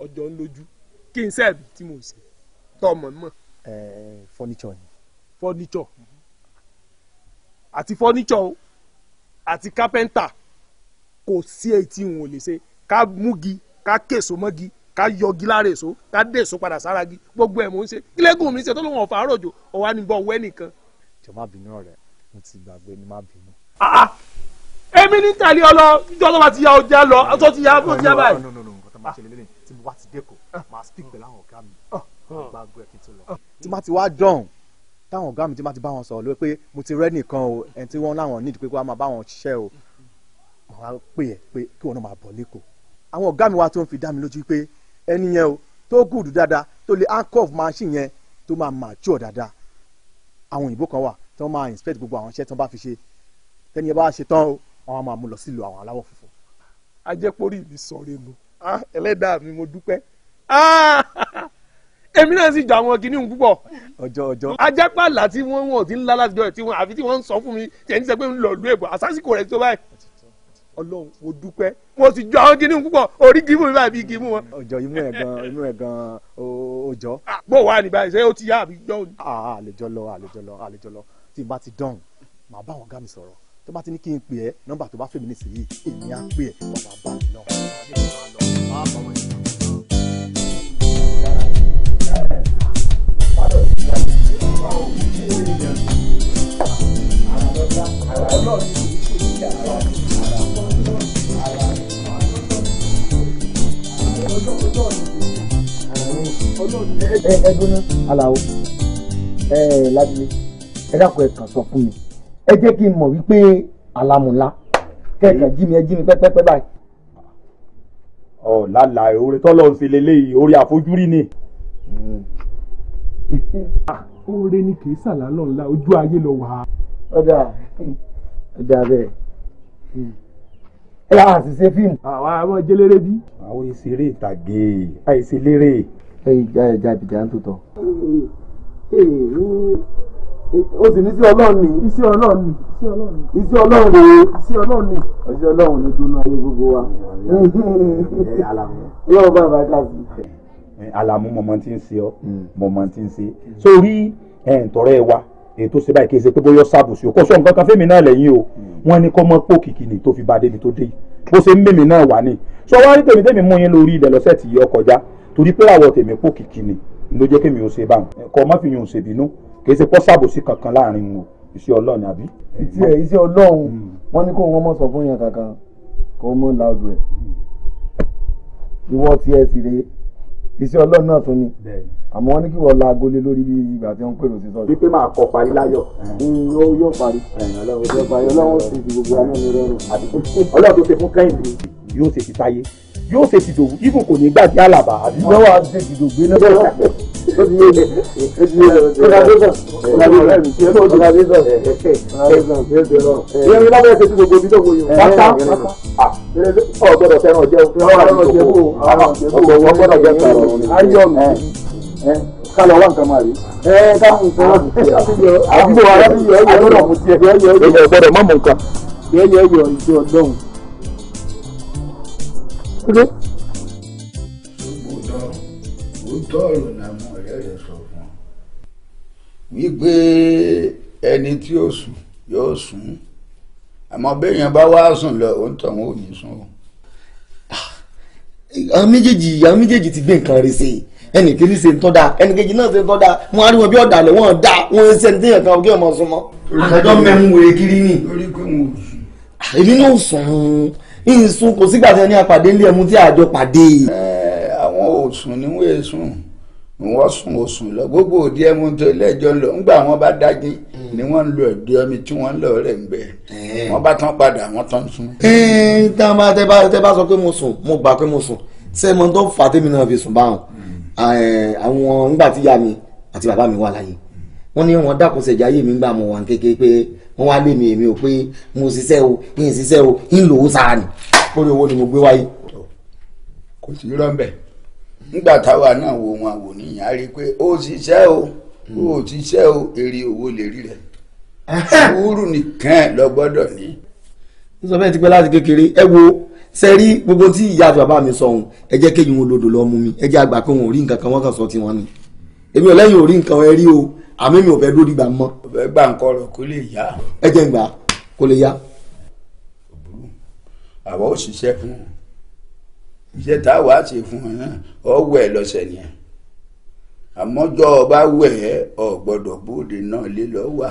ọjọ́ ń lójú kí n sẹ́ẹ̀bì tí mo ṣe tọmọ mọ. fọ́níṣọ̀ ni. fọ́níṣọ̀ àti fọ́níṣọ̀ o àti kápẹ́ńtà kò sí èyí tí wọn ò lè ṣe ká múgi ká kèso mọ́gi ká yọgi lára èso ká dé èso padà sára gi gbogbo ẹ̀ mò ń ṣe kílẹ̀gùn mi ṣe tó lóun ọ̀fà àròjò ọ̀wá ni bọ́ wẹ́ nìkan. jọ má bínú ọ̀rẹ́ mo ti gbàgbé ni má bínú. Ah, ah. èmi ní tàlí ọlọ ìjọ ọlọ́wà ti ya ọjà lọ ọtọ ti ya ọtọ ti ya báyìí. nǹkan tó máa ṣe lélẹ́yìn tí mo bá ti dẹ́kọ̀ ah. máa speak pẹ̀lú àwọn ọ̀gá mi gbàgbé kí n lọ. tí má ti wá dán táwọn ọ̀gá mi ti máa ti bá wọn sọ̀rọ̀ lórí pé mo ti rẹ́ nìkan o ẹni tí wọ́n láwọn nídìí pé kó wá máa bá wọn ṣiṣẹ́ o wọ́n á pè ẹ́ pé kí wọ́n máa bọ̀ lẹ́kọ̀ọ́ àwọn ọ̀gá mi wá tó ń fi dá mi lójú pé ẹni yẹn o tó gùdù dáadáa tó lè handcuff machine yẹn tó máa mature dáadáa àwọn òyìnbó kan wà tí wọ́n máa inspect gbogbo àwọn iṣẹ́ tí wọ́n bá fi ṣe tẹ́ni ẹ bá ṣe tán o àwọn máa mú lọ sílùú àwọn aláwọ̀ funfun. ajẹ́pọ̀rí mi sọ̀rọ̀ èlò ah, ẹlẹ́dàá mi mo dúpẹ́ ah! [laughs] èmi náà sì jọ àwọn kìnnìún púpọ̀. ọjọ́ ọjọ́. ajápàlà tí wọ́n wọ̀ tí ń lá láti jọ ẹ̀ tí wọ́n àfi tí wọ́n ń sọ fún mi tẹ̀ ní sẹ́ pé ń lọ ìlú èbò àsásìkò rẹ̀ tó báyìí. ọlọ́run mo dúpẹ́ mo sì jọ àwọn kìnnìún púpọ̀ orí gímù mi báyìí bí gímù wọn. ọjọ́ imú ẹ gan imú ẹ gan ọjọ́. Ah, bó wà ní báyìí ṣé ó ti yá àbí jọ. Ah, ah, àlejò lọ àlejò lọ àlejò lọ tí n bá ti dán màá bá àwọn ọ̀gá mi sọ̀rọ̀ tó bá ti ní kí n pè ẹ́ ẹdúná aláwo ẹ lábílẹ ẹ dákun ẹ kàn sọ fún mi ẹ jẹ́ kí n mọ̀ wípé alámùlá kẹkẹ jí mi ẹ jí mi pẹ́pẹ́pẹ́ báyìí. ọ lálàá orí tọ́lọ́ ń ṣe lélẹ́yìí orí àfojúrí ni. Hmm. [laughs] oore ni kì í sàlálọ̀ ńlá ojú ayé lọ wà á. ọ̀dà ọ̀dà bẹ́ẹ̀ ẹ yà àṣìṣe fíìmù. àwa ọmọ jẹlẹrẹ bí. àwọn ìṣeré ìtàgé àìṣe lérè. ẹ ìjà ìjà ìbìjà ń tutọ. o sì ní sí ọlọ́run ni. iṣẹ́ ọlọ́run ni. iṣẹ́ ọlọ́run ni. iṣẹ́ ọlọ́run ni. iṣẹ́ ọlọ́run ni dunu ayé gbogbo wa. ẹ alamu. yóò bá bàbá ká sí. Eh, alamu mọ̀mọ́ tí ń ṣe ọ́ mm. mọ̀mọ́ tí ń ṣe sórí tọ̀rẹ́ wa ètò ṣe báyìí kì í ṣe pé bóyá ṣàbùsí o kò sọ nǹkan kan fẹ́mi náà lẹ́yìn o mm. wọ́n ní kọ́ mọ́ pò kìkì ni tó fi bá débi tó dé yìí bó ṣe ń mèmí náà wà ní. sọ wá rí tèmi tèmi mú yín lórí ilẹ̀ lọ́sẹ̀ tí yọ kọjá torí pé àwọ̀ tèmi pò kìkì ni ló jẹ́ kémi ò ṣe báwọn kọ́ má fi yùn ṣèbínú kì í ṣe pọ́ ṣàbùsí kankan láàrin wọn iṣẹ́ ọlọ́run àbí. iṣẹ́ ọlọ́run mm. wọ́n ní kó wọ́n mọ̀ sọ fún yẹn kankan kó mọ̀ láòdù ẹ̀ ìwọ tiẹ̀ sì rèé iṣẹ́ ọlọ́run náà tún ni àmọ́ wọ́n ní kí wọ́n la agolé lórí bí ìgbà tí wọ́n pèrò sí sọ́ọ̀tù. wípé máa kọ parí láyọ̀. yóò parí ọlọ́run ti fi gbogbo àná mi rọrùn. ọlọ́run tó ṣe fún kẹ́hìndé yóò ṣe ti táyé yóò ṣe tìdòwú ibùn kò ní gbàgbé àlàbà àbí wọn wà ṣe tìdògbé náà. ó ti yé mi ó ti yé mi ọ̀nàdébọ̀ ọ̀nàdébọ̀ ọ̀nàdébọ̀ ẹ̀ẹ́dẹ̀rọ̀ ìyẹn lábẹ́ ṣe tìdògbé bí dọ̀gbó yòó pátá ọ̀gbọ́dọ̀ fẹ́ràn jẹ́ ọ̀gbọ́dọ̀ jẹ́ kàrọ̀ kálọ̀ wá nǹkan máa rí. ẹ káwọn nǹkan wà nìyí. àdúgbò arábìyẹ ẹ yẹ ẹ gbọ́dọ̀ mọ̀ nǹkan. yẹ yẹ yọ ìjọ ọdọ́run dúró. ṣùgbọ́n òótọ́ ọ̀rọ̀ làwọn ọ̀rẹ́ rẹ̀ sọ fún ọ wípé ẹni tí ó sùn yóò sùn àmọ́ béèyàn bá wá sùn lọ òun tàn wọn ò ní sùn o. Ah, àwọn méjèèjì àwọn méjèèjì ti gbé nǹkan rẹ̀ sí i ẹnì kìíní ṣe ń tọ́ da ẹnì kejì náà ṣe ń tọ́ da wọn á rí wọn bí ọ̀dàlẹ̀ wọn dá wọn ṣe ń tẹ̀yàn kan kí ọmọ sún mọ́. mẹ́mú wèrè kiri ni. lórí pé wọn ò sùn. Ah, èmi náà sùn ìsùn kò sígbà tí wọn ní apàdé ńlẹ ẹmu tí àjọ pàdé. ẹ àwọn òsùn ni wọn èsùn wọn sùn òsùn lọ gbogbo òdi ẹmu tó lẹjọ ń lọ ńgbà wọn bá dájí ni wọn ń lo ẹdí omi tí wọn ń lọ rẹ ń bẹ wọn bá tán padà wọn tán sùn. tá a tẹ bá tẹ bá sọ pé mo sùn mo gbà pé mo sùn ṣé mo tó fà tèmi náà fi sùn báwọn àwọn ńgbà tí mi àti bàbá mi wà láyé wọn ní wọn dákun ṣẹjà mi ńgbà mo wà kékeré pé wọ́n wá lé mi èmi ò pé mo ṣiṣẹ́ o yín ṣiṣẹ́ o yín lòó sáà nì lórí owó ni mo gbé wáyé. kò sí rọ́ǹbẹ̀ nígbà táwa náà wo wọn àwò níyàn á rí i pé ó ṣiṣẹ́ o hmm. ó ṣiṣẹ́ o èrè owó lè rí rẹ̀ sùúrù nìkan lọ gbọ́dọ̀ ní. sísọ bẹ́ẹ̀ ti pẹ́ láti kékeré ẹ wo ṣe rí gbogbo tí ìyá àti bàbá mi sọ ohun ẹ jẹ́ kéyìn wọn lòdò lọ́ọ́ mú mi ẹ jẹ́ àgbà pé wọn ò rí nǹkan kan wọ́n kàn sọ tiwọn ni èmi ò lẹ́yìn ò rí nǹkan ẹ rí o àmì mi ò fẹ́ dúró dìgbà mọ́. ò fẹ́ gbà nǹkan ọ̀rọ̀ kó lè yá. ẹ jẹ́ gbà kó lè yá. òbúrú àwa ò ṣiṣẹ́ fún un iṣẹ́ tá a wàá ṣe fún un náà ọ wẹ̀ lọ́sẹ̀ yẹn àmọ́jọ́ ọba wẹ̀ ọ gbọ́dọ̀ bóde náà lé lọ́ wà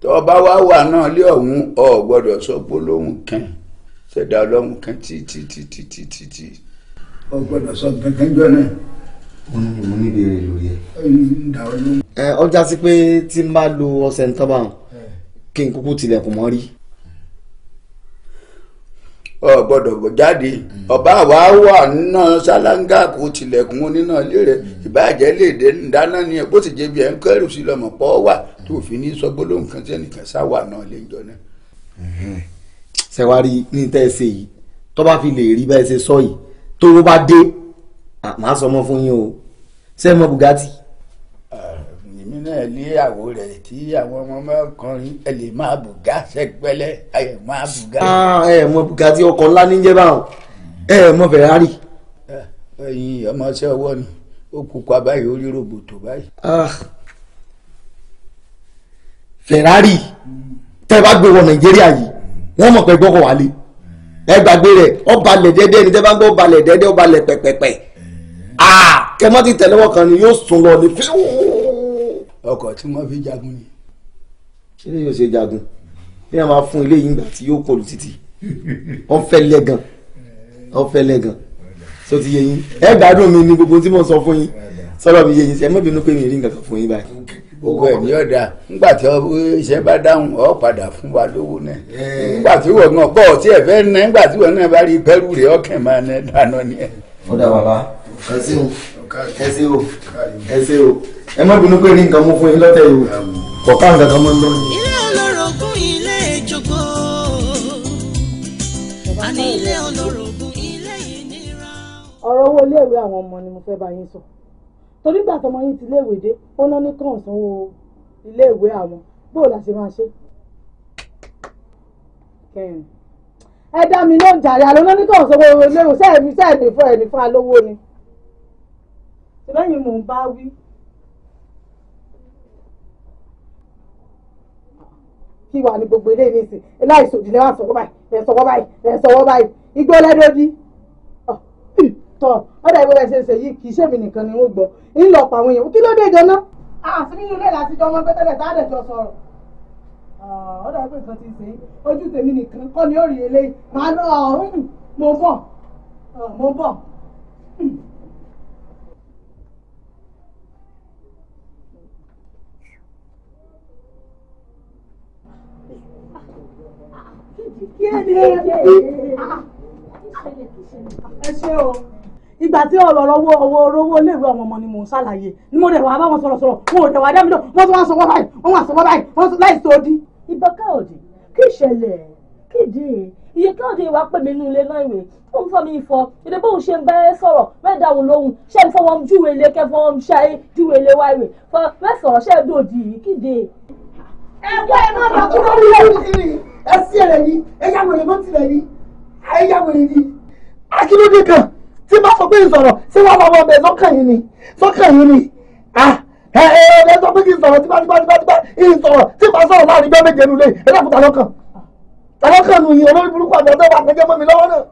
tọ́ ọba wá wà náà lé ọ̀hún ọ gbọ́dọ̀ sọ gbólóhùn kan ṣẹ̀dá ọlọ́run kan títí títí títí. ọ gbọ́dọ̀ sọ kankan jọ náà mo ní ìbéèrè lórí ẹ. ọ já sí pé tí n bá lo ọṣẹ ń tọ́ba kí n kúkú tilẹ̀kùn mọ́ rí. ọ gbọ́dọ̀ jáde ọba àwa wà nínú ṣáláńgá kó tilẹ̀kùn oníná ilé rẹ ìbàjẹ́ lè dé dáná ní ẹ bó sì jẹbi ẹ ń kẹrù sí lọmọ pọ wà tó fi ní sọ gbólóhùn kan tí ẹnìkan sáwà náà lè jọ náà. ṣẹ̀wárí ní tẹ́ ẹ ṣe yìí tó fi lè rí bá ẹ ṣe sọ yìí tó bá dé Ah, màá sọ ọmọ fún yín o ṣé ẹ mọ Bugatti. Eh, èmi náà lé àwo rẹ̀ tí àwọn ọmọ ọmọkùnrin ẹ lè máa bùgá sẹ́gbẹ́lẹ́ ẹ máa bùgá. Ah, ẹ mọ Bugatti ọkọ̀ ńlá ní jẹ́ báwọn ẹ mọ Ferrari. Eh, ẹyin ọmọọṣẹ ọwọ́ ni ó kópa báyìí ó rí rògbòtò báyìí. Ah. Ferrari tẹ́ bá gbé wọ Nàìjíríà yìí wọ́n mọ̀ pé gbọ́kọ̀ wálé ẹ gbàgbé rẹ̀ ó balẹ̀ dẹ́dẹ́ ni tẹ́ bá gbọ́ balẹ̀ dẹ́dẹ́ ó balẹ̀ pẹ̀pẹ̀pẹ̀ Ah! ti tẹ̀lẹ́wọ̀ kan ni yóò sùn lọ ní ọkọ̀ tí wọ́n fi jagun ni. ṣé ilé yóò ṣe jagun bí wọ́n máa fún ilé yìí ńgbà tí yóò kọ títì wọ́n fẹ́ lẹ́gàn wọ́n fẹ́ ti yé yín ẹ gbádùn mi ni gbogbo tí mo sọ fún yín mi yé yín ṣe ẹ bínú pé mi rí nǹkan kan fún yín báyìí gbogbo ẹ̀mí ọ̀dà tí iṣẹ́ bá fún wa lówó náà ẹ ṣé o ẹ ṣé o ẹ ṣé o ẹ má bínú pé rí nǹkan mú fún yín lọ́tẹ̀ yìí o kọ̀ọ̀ká nǹkan kan mọ́ ń lọ́yìn. ilé olórogún ilé ìjogbo àní ilé olórogún ilé ìnira. ọ̀rọ̀ owó iléèwé àwọn ọmọ ni mo fẹ́ bá yín sọ torí gbà tọmọ yín ti iléèwé dé ó ná ní kàn sanwó iléèwé àwọn bó la ṣe máa ṣe. ẹ dá mi lóúnjẹ àrẹ àlọ́ ná ní kàn sanwó iléèwé sẹ́ẹ̀ fún ẹ̀ fún alówó ni lẹ́yìn mò ń bá wí. kí wàá ní gbogbo eléyìí nìsín láìsí òdì lẹ́wọ̀n sọ̀rọ̀ báyìí ẹ̀ sọ̀rọ̀ báyìí ẹ̀ sọ̀rọ̀ báyìí igbó lẹ́dọ́dí. tọ́ ọ̀dà ìwé rẹ̀ ṣe ṣe yìí kì í ṣèmi nìkan ni wọ́n gbọ́ ń lọ pa àwọn èèyàn kí ló dé gan-an. àti nínú ilé láti ọmọ ẹgbẹ́ tẹ́lẹ̀ tá a dẹ̀ jọ sọ̀rọ̀. ọ̀dà ìwé kan ti ṣe ojú tèmi nìkan kọ́ ni ó rí eléyìí màá lọ ọ̀hún mo bọ̀ mo bọ̀. ẹ ṣe o ìgbà tí ọ̀rọ̀ ọwọ́ owó owó iléèwé ọmọ ọmọ ni mò ń ṣàlàyé ni mo dẹ̀ wá bá wọn sọ̀rọ̀ sọ̀rọ̀ wọn ò dẹ̀ wá dẹ́mi lọ wọ́n tún wá sọ wọ́n báyìí wọ́n wá sọ báyìí wọ́n láì sọ odi. káòdì kí ìṣẹ̀lẹ̀ kéde iye káòdì wa pè mí nínú ilé náà ìwé ó ń fọ́ mi ìfọ́ èdè bóun ṣe ń bẹ́ sọ̀rọ̀ bẹ́ẹ̀ dáhùn lóhùn ṣé ń fọwọ́ júwe ilé kẹfọ́ ń ṣe júwe ilé wa ìwé fọ́ mẹ́sàn-án ṣẹ́ẹ̀dọ̀dì yìí kéde. ẹ ẹ sí ẹ̀rẹ̀ ni ẹ̀yà wèrè mọ́ tilẹ̀ ni ẹ̀yà wèrè ni. akíndóde kan tí bá sọ pé ìsọ̀rọ̀ ṣé wàá bá wọn bẹ̀ sọ́kàn yìí ni sọ́kàn yìí ni ẹ ẹ ẹ sọ pé kí ìsọ̀rọ̀ tí bá tí bá tí bá tí bá ìsọ̀rọ̀ tí bá sọ̀rọ̀ láàrin gbẹ́ méje nulẹ̀ ẹ dàkúta lọ́kàn tàlọ́kàn nù yìí olórí burúkú àti ọ̀dọ́ àpẹjẹ mọ́ mi lọ́wọ́ náà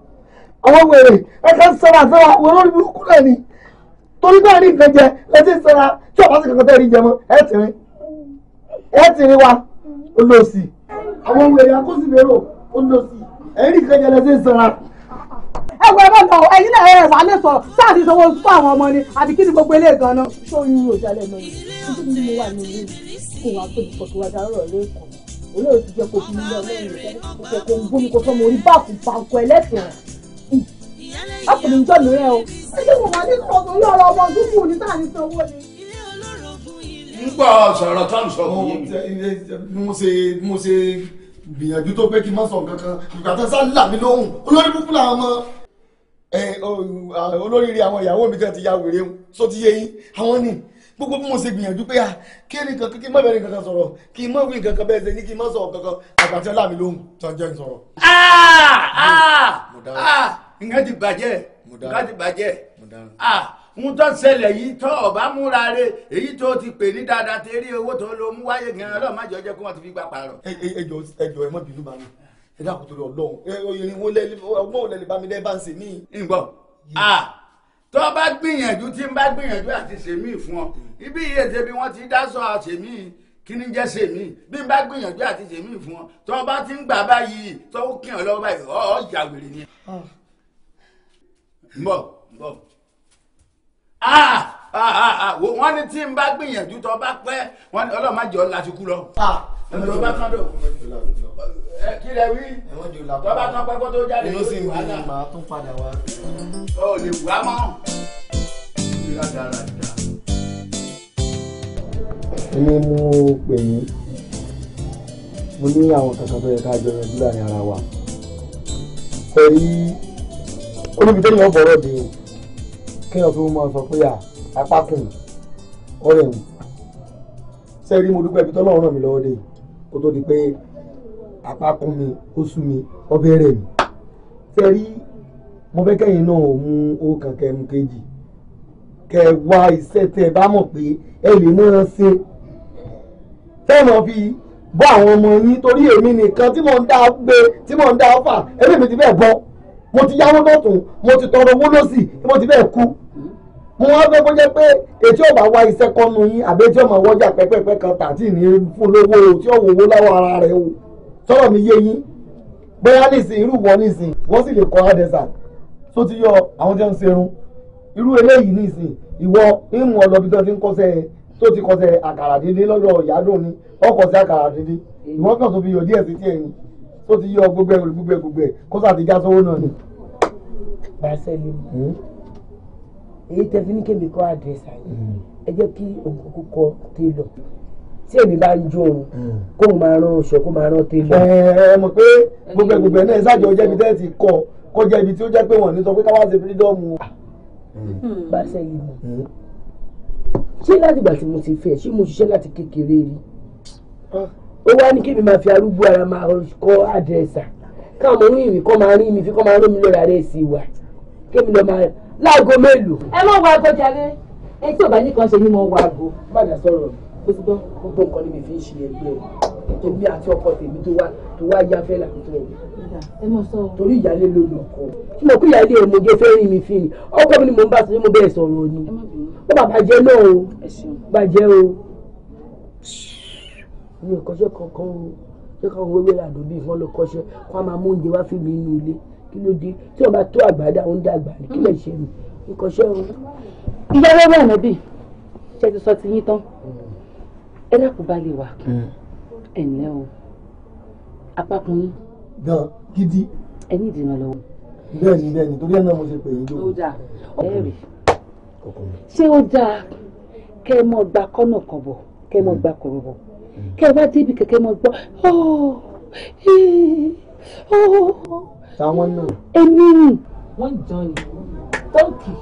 àwọn wèrè ẹ kàn sọ̀rọ̀ àti olórí burúkú náà ni torí náà ní nǹkan jẹ lẹ́sìn sọ̀rọ̀ tí ọ̀pá sì kankan tẹ́ rí jẹ mọ́ ẹ tìrín ẹ tìrín wa olóòsì àwọn wèrè akóṣìbérò ó lọ sí ẹ̀rí kẹjẹrẹ ṣe ń sanra. ẹ wo ẹgbẹ́ náà ẹ̀yin náà ẹ̀rẹ̀ sálẹ̀ sọ̀rọ̀ sáà ti sanwó fún àwọn ọmọ ni àti kí ni gbogbo eléyìí gan náà. ṣé oyún yóò jalè náà nítorí mo wà ní ilé kó wàá tóbi pọ̀ tó wá dárọ̀ lẹ́kọ̀ọ́ olóòtú jẹ́ kó fi mílíọ̀nù lẹ́yìn ìfẹ́ kó ń gbómi kó sọ́mọ orí báàkù báàkù ẹlẹ́sìn ọkùnrin jọ lóyún ẹ o. ẹ ṣé mo máa ní sọ̀tún yọ̀rọ̀ ọmọ dúkùú ní sáà ní sanwó ni n gbọ́ sọ̀rọ̀ tó ń sọ kò mo ṣe mo ṣe gbìyànjú tó pé kí n má sọ nǹkan kan ìgbà tó sá là mí lóhùn olórí púpù làwọn ọmọ olóríire àwọn ìyàwó mi kan ti ya wèrè ń so ti yé yín àwọn ni gbogbo bí mo ṣe gbìyànjú pé kí ẹnì kankan kí n má bẹ̀rẹ̀ nǹkan sọ̀rọ̀ kí n má wí nǹkan bẹ́ẹ̀ ṣe ní kí n má sọ̀rọ̀ kankan àgbàtí ọlá mi lóhùn tó ń jẹ́ ń sọ̀rọ̀. nǹkan ti bàjẹ́ nǹkan ti bàjẹ́ ń tọ́ ṣẹlẹ̀ yìí tọ́ ọ̀bá múra re èyí tó ti pè ní dáadáa tẹ́ rí owó tó lọ mú wáyé gan-an ọlọ́run má jọ jẹ́ kó wọ́n ti fi gbà pààrọ̀. ẹjọ ẹjọ ẹ mọ bínú bá mi ẹ dákun tó lọ lọhùn oyin wo lẹ ọgbọ́n òlẹ̀ lè bá mi dẹ́ bá ń ṣe mí. ǹgbọ́ a tọ́ bá gbìyànjú tí ń bá gbìyànjú àti ṣèmí fún ọ ibi iye tẹbi wọ́n ti dá sọ àṣèmí kí ni jẹ́ sèmi bí n bá gbìyànjú àti sèmi fún ọ tọ́ bá ti ń gbà báyìí tọ́ kí ọ lọ́wọ́ báyìí ọ̀ ọ́ ìyàwó ni. ń ah. bọ̀ Ah ah ah, ah. wọ́n ní tí n bá gbìyànjú tó bá pẹ́ wọ́n ní ọlọ́run má jọ láti kú lọ. ọjọ́ ah. bá kán dò kí lẹ wí tó bá kán pẹ́ kó tó jáde yóò sì wà náà. màá tún padà wá. o lè wá mọ́. èmi mo pè yín mo ní àwọn kankan tó yẹ ká jọ yanjú láàrin ara wa. ẹ̀rí olùbíjẹ́ ni wọ́n bọ̀rọ̀ dé o kéèyàn tó máa sọ pé à apákùn ọ̀rẹ́ mi ṣé rí mo dúpẹ́ ibi tọ́lọ́run ràn mí lọ́wọ́ dé kó tó di pé apákùn mi ó sú mi ọbẹ̀ rẹ̀ mi ṣé rí mo fẹ́ kẹ́yìn náà ò mú owó kan kẹnu kejì kẹ wá iṣẹ́ tẹ bá mọ̀ pé ẹ lè máa ṣe fẹ́ẹ̀mọ̀ fi bọ́ àwọn ọmọ yín torí èmi nìkan tí mò ń dá gbé tí mò ń dá fà ẹ̀mí mi ti fẹ́ bọ́. mo ti yáwó lọ́tún mo ti tọrọ owó lọ́sì tí mo ti bẹ́ẹ̀ kú mo wá fẹ́ kó jẹ́ pé etí ọ̀bà wa iṣẹ́ kan nu yín àbí etí ọ̀mà wọ́jà pẹ́pẹ́pẹ́ kan tàtí ní fún lówó o tí owó ara rẹ̀ o mi yé yín bóyá nìsín irú wọn nìsín wọ́n sì lè kọ́ tó ti yọ àwọn tí wọ́n ń serun irú eléyìí nìsín ìwọ ìmú ọlọ́bí tó ti ń kọ́sẹ́ tó ti yọ gbogbo ẹ̀rù gbogbo ẹ̀ gbogbo ẹ̀ kó sàtijá sówó náà ni. Marcelo hmm? èyí tẹ ní kébi kọ́ àdírẹ́sà yìí hmm. ẹ jẹ́ kí òǹkókó kọ télọ̀ tí èmi bá ń jó òun hmm. kó òun máa rán oṣù kó máa rán télọ̀. ẹ mọ̀ pé gbogbo ẹ̀gbogbo ẹ̀ náà ẹ ṣáàjọ jẹ́bi tẹ́ ti kọ kó jẹ́ tí ó jẹ́ pé wọ́n ní sọ pé káwá ṣe fírídọ́ọ̀mù. Ah. Marcelo ṣé láti ìgbà tí mo ti fẹ́ ṣé mo ṣiṣẹ́ láti kékeré rí. Ah. ó wá ní kébì máa fi arúgbó ara máa kọ àdírẹ́sà kọ́ máa rí mi fi kọ́ máa rómi lọ́ra rẹ̀ sí wa máa láago mélòó. ẹ aago jàre ẹ tí ò bá ní kan ṣe ni mo wá aago. má dà sọ̀rọ̀ gbogbo nǹkan ni mi fi ń ṣe ẹgbẹ́ ọkọ tèmi tó wá tó wá yá fẹ́ làkútọ̀ o torí ìyáálé ló lọ kọ́ tí mo kú ìyáálé mo gé fẹ́ rí mi fi ni ọkọ mi ni mo ń bá sọ mi ò kọ́ṣẹ́ kankan o ṣé káwọn wéwé làdó bíi wọn lọ kọ́ṣẹ́ kó a máa mú oúnjẹ wá fún mi nínú ilé kí ló dé tí ọba tó àgbàdà òun dá àgbà kí lè ṣe mi n kọ́ṣẹ́ o. ìyá wẹ́wẹ́ ànábì ṣe ti sọ ti yín tán ẹ dákun bá lè wà hmm. ẹ ǹlẹ́ o apákun yín. gan gidi. ẹ ní ìdènà lọ́wọ́. bẹ́ẹ̀ ni torí ẹ̀ náà mo ṣe pè é jókòó. ṣé ó dáa kẹ́ ẹ mọ́ gba kọ́nà kọ̀bọ̀ kẹ́ ẹ mọ́ gba kọ̀rọ̀bọ̀ kẹ́ ẹ wá débi kẹ̀kẹ́ mọ́ gbọ́ oh, eh, oh. táwọn náà. èmi ni. wọ́n jàn ní tọ́ǹkì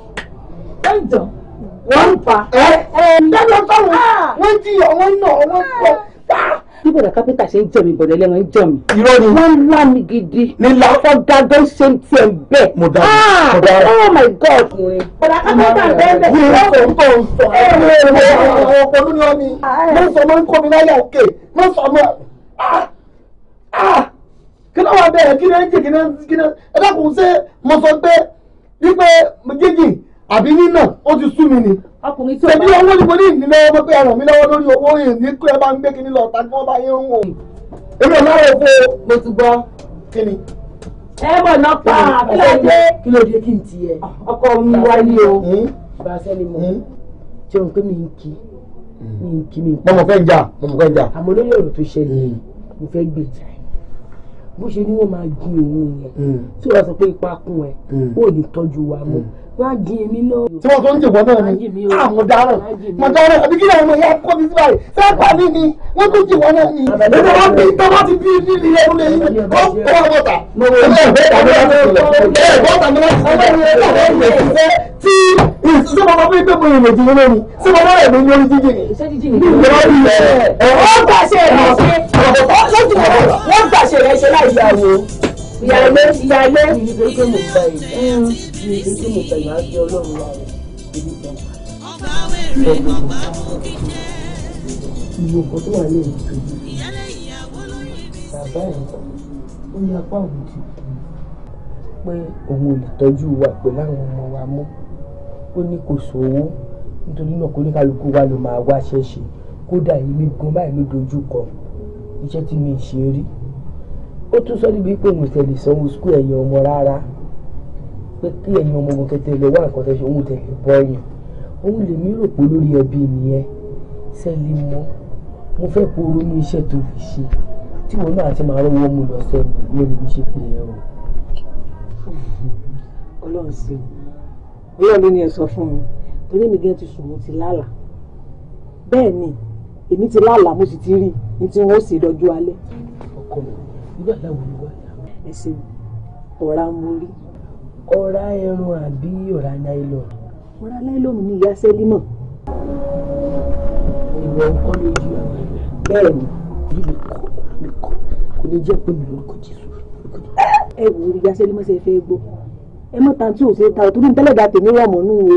wọ́n jàn wọ́n pa. ẹ ẹ lọ́dọ̀ fáwọn ah. wọ́n jiyàn wọ́n nà wọ́n pọ̀ ah bí bọ̀dà kápẹ́tà ṣe ń jẹ mi bọ̀dà ẹlẹ́wọ̀n ń jẹ mi. irọ́ ni wọ́n lá mi gidi. nílá ọkọ dágbé ṣe ń tiẹ̀ bẹ́ẹ̀. mo dára ah! mo dára. oh my god. bọ̀dà kápẹ́tà ń bẹ́ẹ̀ bẹ́ẹ̀. mo sọ mo sọ ẹ̀rọ pẹ̀lú ni wọ́n mi. mo sọ ah. mo ń kó mi láyà òkè mo sọ mo. Ah! kí ló wà bẹ́ẹ̀ kí ló ń jẹ kí ló ń ẹ dákun ṣe mo sọ pé wípé jíjìn àbí nínà ó ti sú mi ni. ọkùnrin tí o bá ṣèbí owó ni mo ní ìnílẹ̀ ọmọ pé ẹ ràn mí lọ́wọ́ lórí owó yìí ní kí ẹ bá ń gbé kinní lọ ta kí wọ́n bá yé ń wò. èmi ò náà wò ó. mo ti gbọ́. kí ni. ẹ bọ̀ náà pa kí ló dé. kí ló dé kí n tiẹ̀. ọkọ mi wáyé o. Hmm? Hmm? bá a sẹ́ni mọ̀ hmm? ṣé o pé mi ń kí mi ń kí mi. mo mọ̀ fẹ́ jà mo mọ̀ fẹ́ jà. àmọ́ lórí ọ̀rọ̀ tó ṣẹlẹ̀ mo fẹ́ gbèjà ẹ̀ bó ṣe ní wọ́n máa di òun yẹn hmm. tí wọ́n sọ pé ipa kún ẹ ó hmm. ní tọ́jú wa mọ́ hmm. wọ́n á di èmi náà. tí wọ́n tó ń jẹ̀bọ́ náà ni àwọn ah, dáràn mọ̀ dáràn àbí kí ni àwọn ìyá kọ́ mi sí báyìí sábà ní ni wọ́n tó jẹ̀bọ́ náà ni ẹni wọ́n bí tọ́wọ́ ti bí ní ilé ẹrú lẹ́yìn kọ́ kọ́ bọ́tà. ẹ bọ́tà ni wọ́n ti sọ mi ò sísè mọ́mọ́ bíi pé mo rìn lòdì lórí sí mọ́mọ́ rẹ̀ mi lórí jíjìn ní. ìrọ̀ bí ẹ̀ ẹ̀ wọ́n gbàṣẹ rẹ̀ ṣe wọ́n gbàṣẹ rẹ̀ ṣe láì yà wò ìyàlẹ́ ìyàlẹ́. Iye nǹkan tó wà ní ìlú kejì. Bàbá ẹ̀ ó yapa òun kìkì pé òun ò lè tọ́jú wa pẹ̀lú àwọn ọmọ wa mọ́ ó ní kò sówó nítorí náà kò ní kálukú wa ló máa wá ṣẹ́ṣe kódà èmi gan báyìí ló dojú kọ iṣẹ́ tí mi ṣe rí ó tún sọ níbi pé mo tẹ̀lé sanwó skul ẹ̀yin ọmọ rárá pé kí ẹ̀yin ọmọ ogun kẹtẹ lọ wá nǹkan tẹ̀sán òun tẹ̀lé bọ́yìn òun lèmi rò pé lórí ẹbí nìyẹn sẹ́lí mọ́ mo fẹ́ kó ronú iṣẹ́ tó lè ṣe tí wọn náà ti máa rọwọ́ mu lọ sẹ́nu lórí bí ṣe pè é o. ọlọ́run sí i ọlọ́run ló ní ẹ sọ fún mi torí mi gẹ́gẹ́ ti sùn mo ti lálà bẹ́ẹ̀ ni èmi ti lálà mo sì ti rí ní tí wọ́n sì dọ́jú alẹ́. ọkọ mi nígbà láwo ni wà á. ẹ ṣe ọ̀rá mo rí. ọ̀rá ẹran àbí ọ̀rá náílọ̀. ọ̀rá náílọ̀ mi ni ìyá sẹ́límọ̀. ìwọ ọkọ ló ju àwọn ẹgbẹ́. bẹ́ẹ̀ ni èyí mi kọ́ mi kọ́ kò ní jẹ́ pé mi lórúkọ Jésù. ẹ wò ó ìyá sẹ́límọ̀ ṣe fẹ́ gbọ́ ẹ mọ̀ tàǹtí ò ṣe é ta ọ̀ torí ntẹ́lẹ̀dá tèmi wọ̀ mọ́ nù o.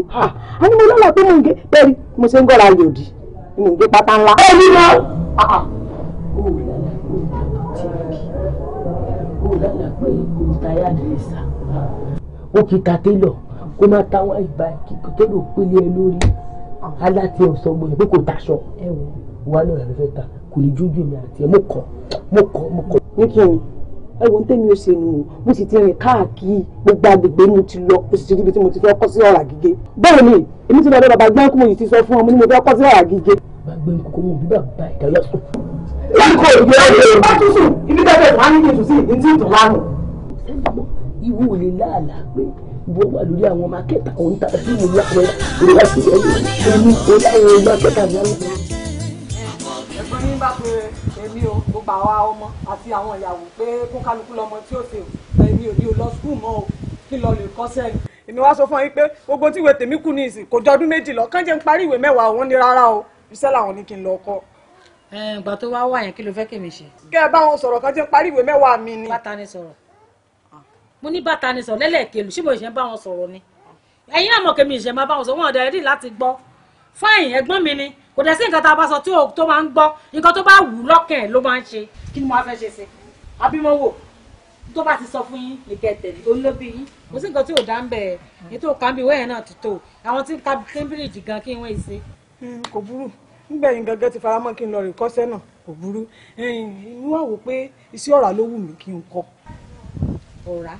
a ní mo lọ́la pé mo ń gé bẹ́ẹ̀ni mo ṣe ń gọ́ra yòdì mo ń gé pátá ńlá. ẹ ní ma. ó kì í ta télọ̀ kó má ta wá ìgbà télọ̀ pélé ẹ lórí aláti ọ̀sán gbọ̀yẹ̀ pé kò taṣọ wà lọ́la ló fẹ́ ta kò ní jójú mi àti ẹ mo kọ́ mo kọ́ mo kọ́. ní kí ni ẹ wo tẹ́mi ó ṣe nù o mo sì ti rìn káàkiri gbogbo agbègbè mo ti lọ mo sì ti ríbi tí mo ti fẹ́ kọ́ sí ọ̀rà gígé bẹ́ẹ̀ ni èmi ti lọ bẹ bàbá gbẹ́ńkù mo yìí ti sọ fún ọmọ ní mo fẹ́ kọ́ sí ọ̀rà gígé. bàbá gbẹ́ńkù kò mọ bí bàbá ìdáyà sùn. lẹ́kọ̀ọ́ ìgbẹ́ ọ̀rẹ́ bá tún sùn ibi tẹ́tẹ̀ wá ní ìtù sí ìdí tí ìtù lárùn. ìwú ò lè láàlà pé bó wà lórí àwọn mákẹ́tà òun tà sí ìlú àwọn ìlú àti ẹ̀yìn ẹ̀yìn oláwọ̀ mákẹ́tà ní àwọn. ẹ̀gbọ́n mi bá pẹ́ èmi ò gbogbo àwa ọmọ àti àwọn ìyàwó pé kún kálukú lọmọ tí ó ṣe o èmi ò ní o lọ skul mọ́ o kí lọ lè kọ́ sẹ́yìn. èmi wá sọ fún yín pé gbogbo tí ìwé tèmi kù ní kò jọ ọdún méjì lọ kán ń parí ìwé mẹ́wàá òun ní rárá o iṣẹ́ làwọn ní kí n lọ kọ́. ìgbà tó wá wà yẹn kí ló fẹ́ kèmi ṣe. kẹ́ ẹ bá wọn sọ̀rọ̀ kán ń parí ìwé mẹ́wàá mi ni. bàtà ni sọ̀rọ̀ mo ní bàtà ni sọ̀rọ̀ lẹ́lẹ́kẹ̀lù ṣé mo ṣe ń bá wọn sọ̀rọ̀ ni ẹ̀yin àmọ̀kẹ́mi ìṣẹ̀ máa bá wọn sọ̀rọ̀ wọn ọ̀dà ẹ̀rí láti gbọ́ fáìn ẹ̀gbọ́n mi ni kò dẹ̀ sí nǹkan tá a bá sọ tí tó máa ń gbọ́ nǹkan tó bá wù ú lọ́kàn ẹ̀ ló máa ń ṣe kí ni mo fẹ́ ṣe sí abímọ wò tó bá ti sọ fún yín ní kẹtẹ̀lé olóbi yín kò sí nǹkan tí ò dá ń bẹ̀ ẹ̀ ètò kàmbí wẹ́ẹ̀ náà ti tó àwọn tí ń ka Cambridge gan kí wọ́n ṣe. Hmm, kò burú nígbẹ̀yìn gangan ti faramọ́ kí n lọ rè kọ́sẹ́ náà kò burú inú wà wò pé iṣẹ́ ọ̀rá ló wù mí kí n kọ́. ọ̀rá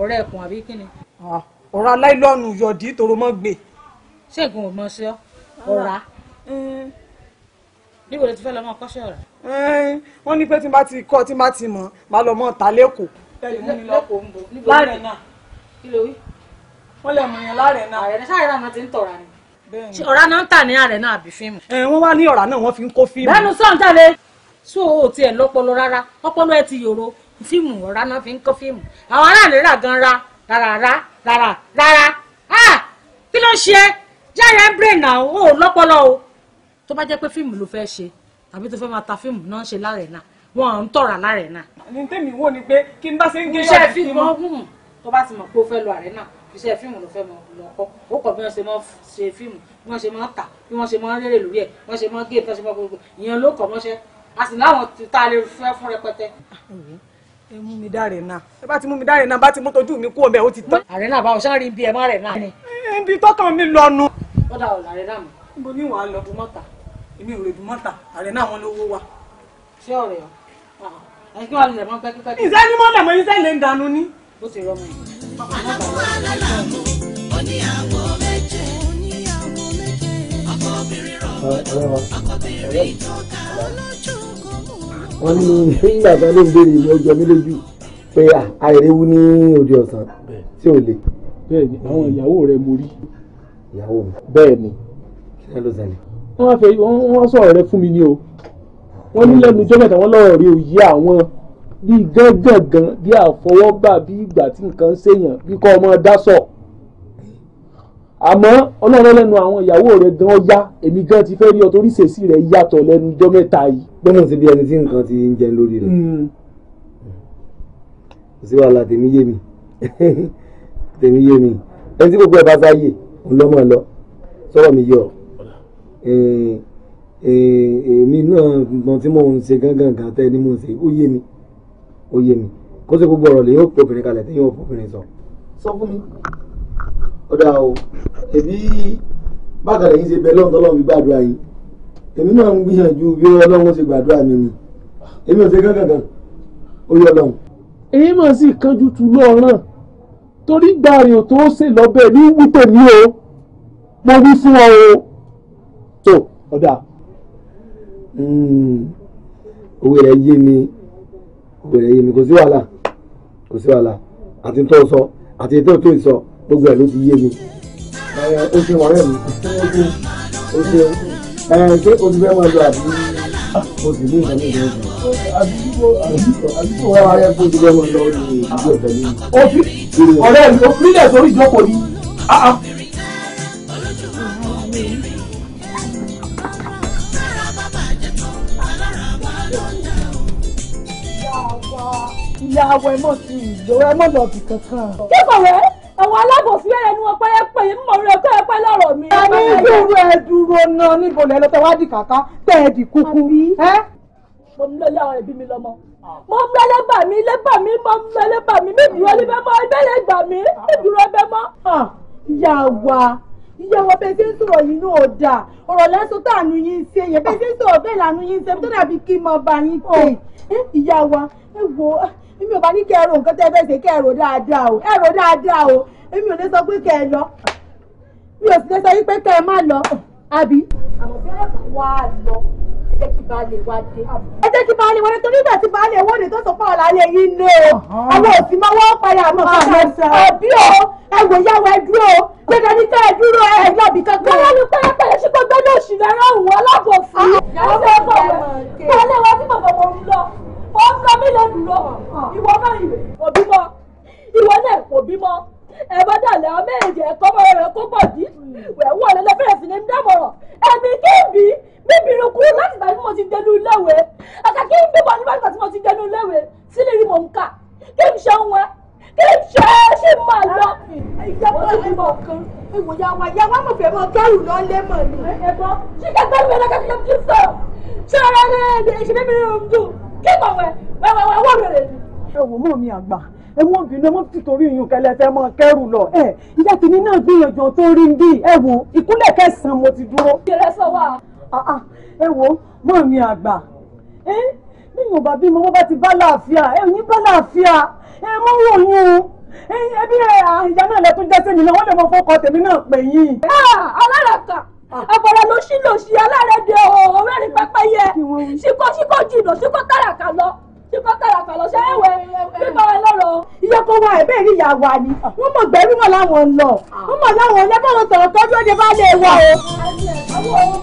ọ̀rẹ́ ẹ̀kùn àbí kí ni. Ah, ọ̀rá láìlọ́ọ̀nù yọ̀dí tòró mọ́ gbé. ṣé nǹkan ò mọ sí ọ ọ̀rá ah níbo ló ti fẹ́ lọ mọ kọ́ṣẹ́ rẹ̀. wọ́n ní pé tí n bá ti kọ́ tí n bá ti mọ̀ máa lọ mọ́ ta lẹ́kọ̀ọ́. láàrin náà kí ló wí. wọ́n lè mọ̀ yẹn láàrin náà. ààrẹ sáà náà ti ń tọ̀ra ni. ọ̀rá náà ń tà ní ààrẹ náà àbí fíìmù. ẹ wọ́n wá ní ọ̀rá náà wọ́n fi ń kó fíìmù. bẹ́ẹ̀ ni sọ̀n tẹ̀lé sọ ò tiẹ̀ lọ́pọlọ rárá ọpọlọ ẹ ti yòrò fíìmù ọ̀rá náà fi ń kó fíìmù. àwọn aráàlú rà gan ra rárá rárá rárá ah! kí ló ń ṣe jẹ́rẹ̀ẹ́ brain náà ó lọ́pọlọ o tó bá jẹ́ pé fíìmù ló fẹ́ ṣe tàbí tó fẹ́ máa ta fíìmù náà ṣe lára ẹ̀ náà wọn ò ń tọ̀rà lára ẹ̀ náà. ní tèmi wò ni pé kí n bá ṣe ń gé iṣẹ́ fíìmù ọ̀hún tó bá ti mọ̀ pé ó fẹ́ lọ àrẹ náà iṣẹ́ fíìmù ló fẹ́ mọ lọ́kọ́ ó kọ̀ bí wọ́n ṣe máa ṣe fíìmù bí wọ́n ṣe máa tà bí wọ́n ṣe máa rérè lórí ẹ̀ wọ́n ṣe máa gé ìtọ́ṣe gbogbo ìyẹn ló kọ̀ mọ́ṣẹ́ a sì láwọn tá a lè fẹ́ fún rẹpẹtẹ. ẹ mú mi dáre náà ẹ bá ti mú mi dáre náà bá ti mú tojú mi kú ọbẹ̀ ó ti tán. àrẹ náà bá ọ̀ṣán rí ibi ẹ̀ má rẹ̀ náà. ibi tọ́kàn mi lọ nu. ó dà ọ̀ làrẹ náà èmi ò rèdùn mọ́ta ààrẹ náà wọn lówó wa. ṣé ọ̀rẹ́ ọ ẹ kí wàá lè mọ pẹ́ kíkọ́. ìṣe ni mọ́tà mọ́ iṣẹ́ lè dànù ni. bó ti rọmọ yìí. aláwọ̀ alálàmú oníyàwó méje ọkọ obìnrin rọ̀gbọ̀dọ̀ ọkọ obìnrin ìtọ́ka olójú kò mú. wọ́n ní nígbà kan ló ń béèrè ìwé mi lójú pé àìrèwú ní òde ọ̀sán tí ò le. bẹ́ẹ̀ni àwọn ìyàwó rẹ mo rí. ìyàwó mi. bẹ́ẹ̀ni. kí ló ṣẹlẹ̀ wọ́n fẹ́ wọ́n sọ̀rọ̀ rẹ fún mi ni o wọ́n ní lẹ́nu ijọ́ mẹ́ta wọ́n lọ́rọ̀ rí òye àwọn bíi gángangan bíi àfọwọ́gbà bíi ìgbà tí nǹkan ṣèyàn bíi kọ́ ọmọ dásọ̀ àmọ́ ọlọ́run lẹ́nu àwọn ìyàwó rẹ̀ gan ọ̀yá èmi gan ti fẹ́ rí ọ torí ṣèṣì rẹ̀ yàtọ̀ lẹ́nu ijọ́ mẹ́ta yìí. gbọ́dọ̀ sí bí ẹni tí nǹkan ti ń jẹ lórí rẹ̀ hmm. kò sí wàhálà tèmi yé mi [laughs] tèmi yé mi ẹni tí gbogbo ẹ̀ bá sáyè òun lọ́mọ lọ sọ̀rọ̀ mi yé ọ. Eh, eh, eh, èmi náà mọ tí mò ń ṣe gángan gan tẹ́ ni mò ń ṣe ó yé mi ó yé mi kó sì gbogbo ọ̀rọ̀ lèyìn òpin obìnrin kalẹ̀ tẹ́yìn òpin obìnrin sọ. sọ fún mi ọ̀dà o èmi bákan lẹ́yìn ṣe bẹ lọ́n tọ́lọ́ mi gbàdúrà yìí èmi náà ń gbìyànjú bí ọlọ́run ṣe gbàdúrà mi ni èmi ò ṣe gángan gan ó yẹ ọlọ́run. èyí mà sì kánjú tu lọ́ọ̀ràn torí gbàrin ò tó ṣe lọ́bẹ̀ ní wípé mi o mo ní fún ọ o ọ̀dà hmm. owó rẹ̀ yé mi owó rẹ̀ yé mi kò sí wàhálà kò sí wàhálà àti tó sọ àti tó tó sọ gbogbo ẹ̀ ló ti yé mi. ó ṣe wàhálà mi ó ṣe ṣé o ti fẹ́ máa lọ àbí ah, o sì ní ìtàn ìdílé jù. àdúgbò wa yẹ kó o ti fẹ́ máa lọ ní ìdílé ìtàn ìdílé. ọ̀rẹ́ mi ò fi ilẹ̀ sórí ìjókòó ni. Ah, ah. ìyá awọ ẹmọ ti ìjọ ẹmọ lọ bì kankan. kíkọ̀ rẹ̀ àwọn alábòsí ẹ̀rẹ̀ ni wọ́n pẹ́ ẹ pè é mọ̀ rẹ̀ kọ́ ẹ pẹ́ lọ́rọ̀ mi. a ní dúró ẹ dúró náà níbo lẹ lọ tẹ wá di kàkà tẹ ẹ di kúkú. mo ń lọ yàrá ẹbí mi lọmọ mo ń bẹ lẹ́bà mi lẹ́bà mi mo ń bẹ lẹ́bà mi mi dúró níbẹ̀ mọ́ ẹgbẹ́ lè gbà mí mi dúró bẹ́ mọ́. ìyá wa bẹ́ẹ̀ ṣe ń sọ̀rọ̀ yìí náà dà ọ̀rọ̀ lẹ́sùn tá àánú yín ṣe yẹn bẹ́ẹ̀ ṣe ń sọ̀rọ̀ bẹ́ẹ̀ làánú yín ṣe tó dàbí kí n máa bá yín tè ìyá wa ẹ wo èmi ò bá ní kẹ́ ẹ rò nǹkan tẹ́ fẹ́ ṣe kẹ́ ẹ rò dáadáa o ẹ rò dáadáa o èmi ò lè sọ pé kẹ́ ẹ lọ mi ò sì lè sọ pé kẹ́ ẹ má lọ àbí. àmọ́ bẹ́ẹ̀ bá wà á lọ ẹ jẹ́ kí baálé wá dé. ẹ jẹ́ kí baálé wá dé torí ìgbà tí baálé wọ́n ní tó sọ fáwọn lálẹ́ yìí ní o àwọn òsì máa wọ́n parí àmọ́ kankan àbí o ẹ wò yá wa ẹ dúró gbẹdẹ ní ká ẹ dúró ẹ lọ́bì kankan. bọ́lá ní pẹ́ẹ́pẹ́ẹ́ ṣe kó gbẹ́dọ̀ òṣìlẹ̀ rẹ̀ òun ọlọ́bọ̀ fún mi. ìyàwó bẹ́ẹ̀ bọ̀ wọ́n tẹ̀lé wa tí bàbá wọn lọ ó ń lọ mí lẹ́dùn lọ ìwọ náà ìwé kò bímọ ìwọ náà kò bímọ ẹ̀bá dàlẹ́ ọmọ èjì ẹ̀kọ́ bọ́ọ̀rọ̀ rẹ̀ kó pọ̀ dí wẹ̀wọ́ rẹ̀ lẹ́fẹ̀rẹ̀ sí ni ń dámọ̀ràn ẹ̀mí kí n bí bíbi irukú láti ìgbà tí mo ti dẹnu léwe àkà kí n bíbọ̀ nígbà tí mo ti dẹnu léwe sílẹ̀ rí mò ń kà kí n ṣe wọn kí n ṣe é ṣì máa lọ. ìjọba ti bímọ kan ìwò ya wa ya wa mo fẹ́ mọ kẹ́rù lọ lé mọ̀ ni. ẹ̀bọ ṣíkẹ́ gbẹ́rù mi lọ́kẹ́ kí kò wẹ wẹ wẹ wọ rẹ ni. ẹ wò mọ mi àgbà ẹ mọ bínú ẹ mọ títorí yìnyín kẹlẹ fẹ mọ kẹrù lọ ẹ ìyá tèmi náà gbìyànjú tó rí ń bí ẹ wò ìkúnlẹ̀ kẹsàn-án mo ti dúró. ìrẹ sọ wà. Ah, ah. ẹ wò mọ mi àgbà níyàn bàbí mo bá ti bá láàfíà ẹ̀yin bá láàfíà ẹ mọ wò yín o ẹbí ìyá náà lẹ tún jẹ́ sẹ́mi náà wọ́n lè mọ fọkọ tèmi náà pè yín. Ah, alárakà àpàlà ló ṣí lò sí alárẹ̀dẹ òòrùn mẹ́rin pẹ́pẹ́yẹ síkó síkó jìnnà síkó tàràkà lọ síkó tàràkà lọ ṣé ẹwẹ bíbá ẹ lọ́rọ̀. iye kó wa ẹ̀bẹ́ rí ìyá wa ni wọ́n mọ̀ gbẹ́rú mọ̀ láwọn ń lọ wọ́n mọ̀ láwọn ń lẹ́bọ̀n sọ̀rọ̀ tọ́jú ó lè bá lè wà o.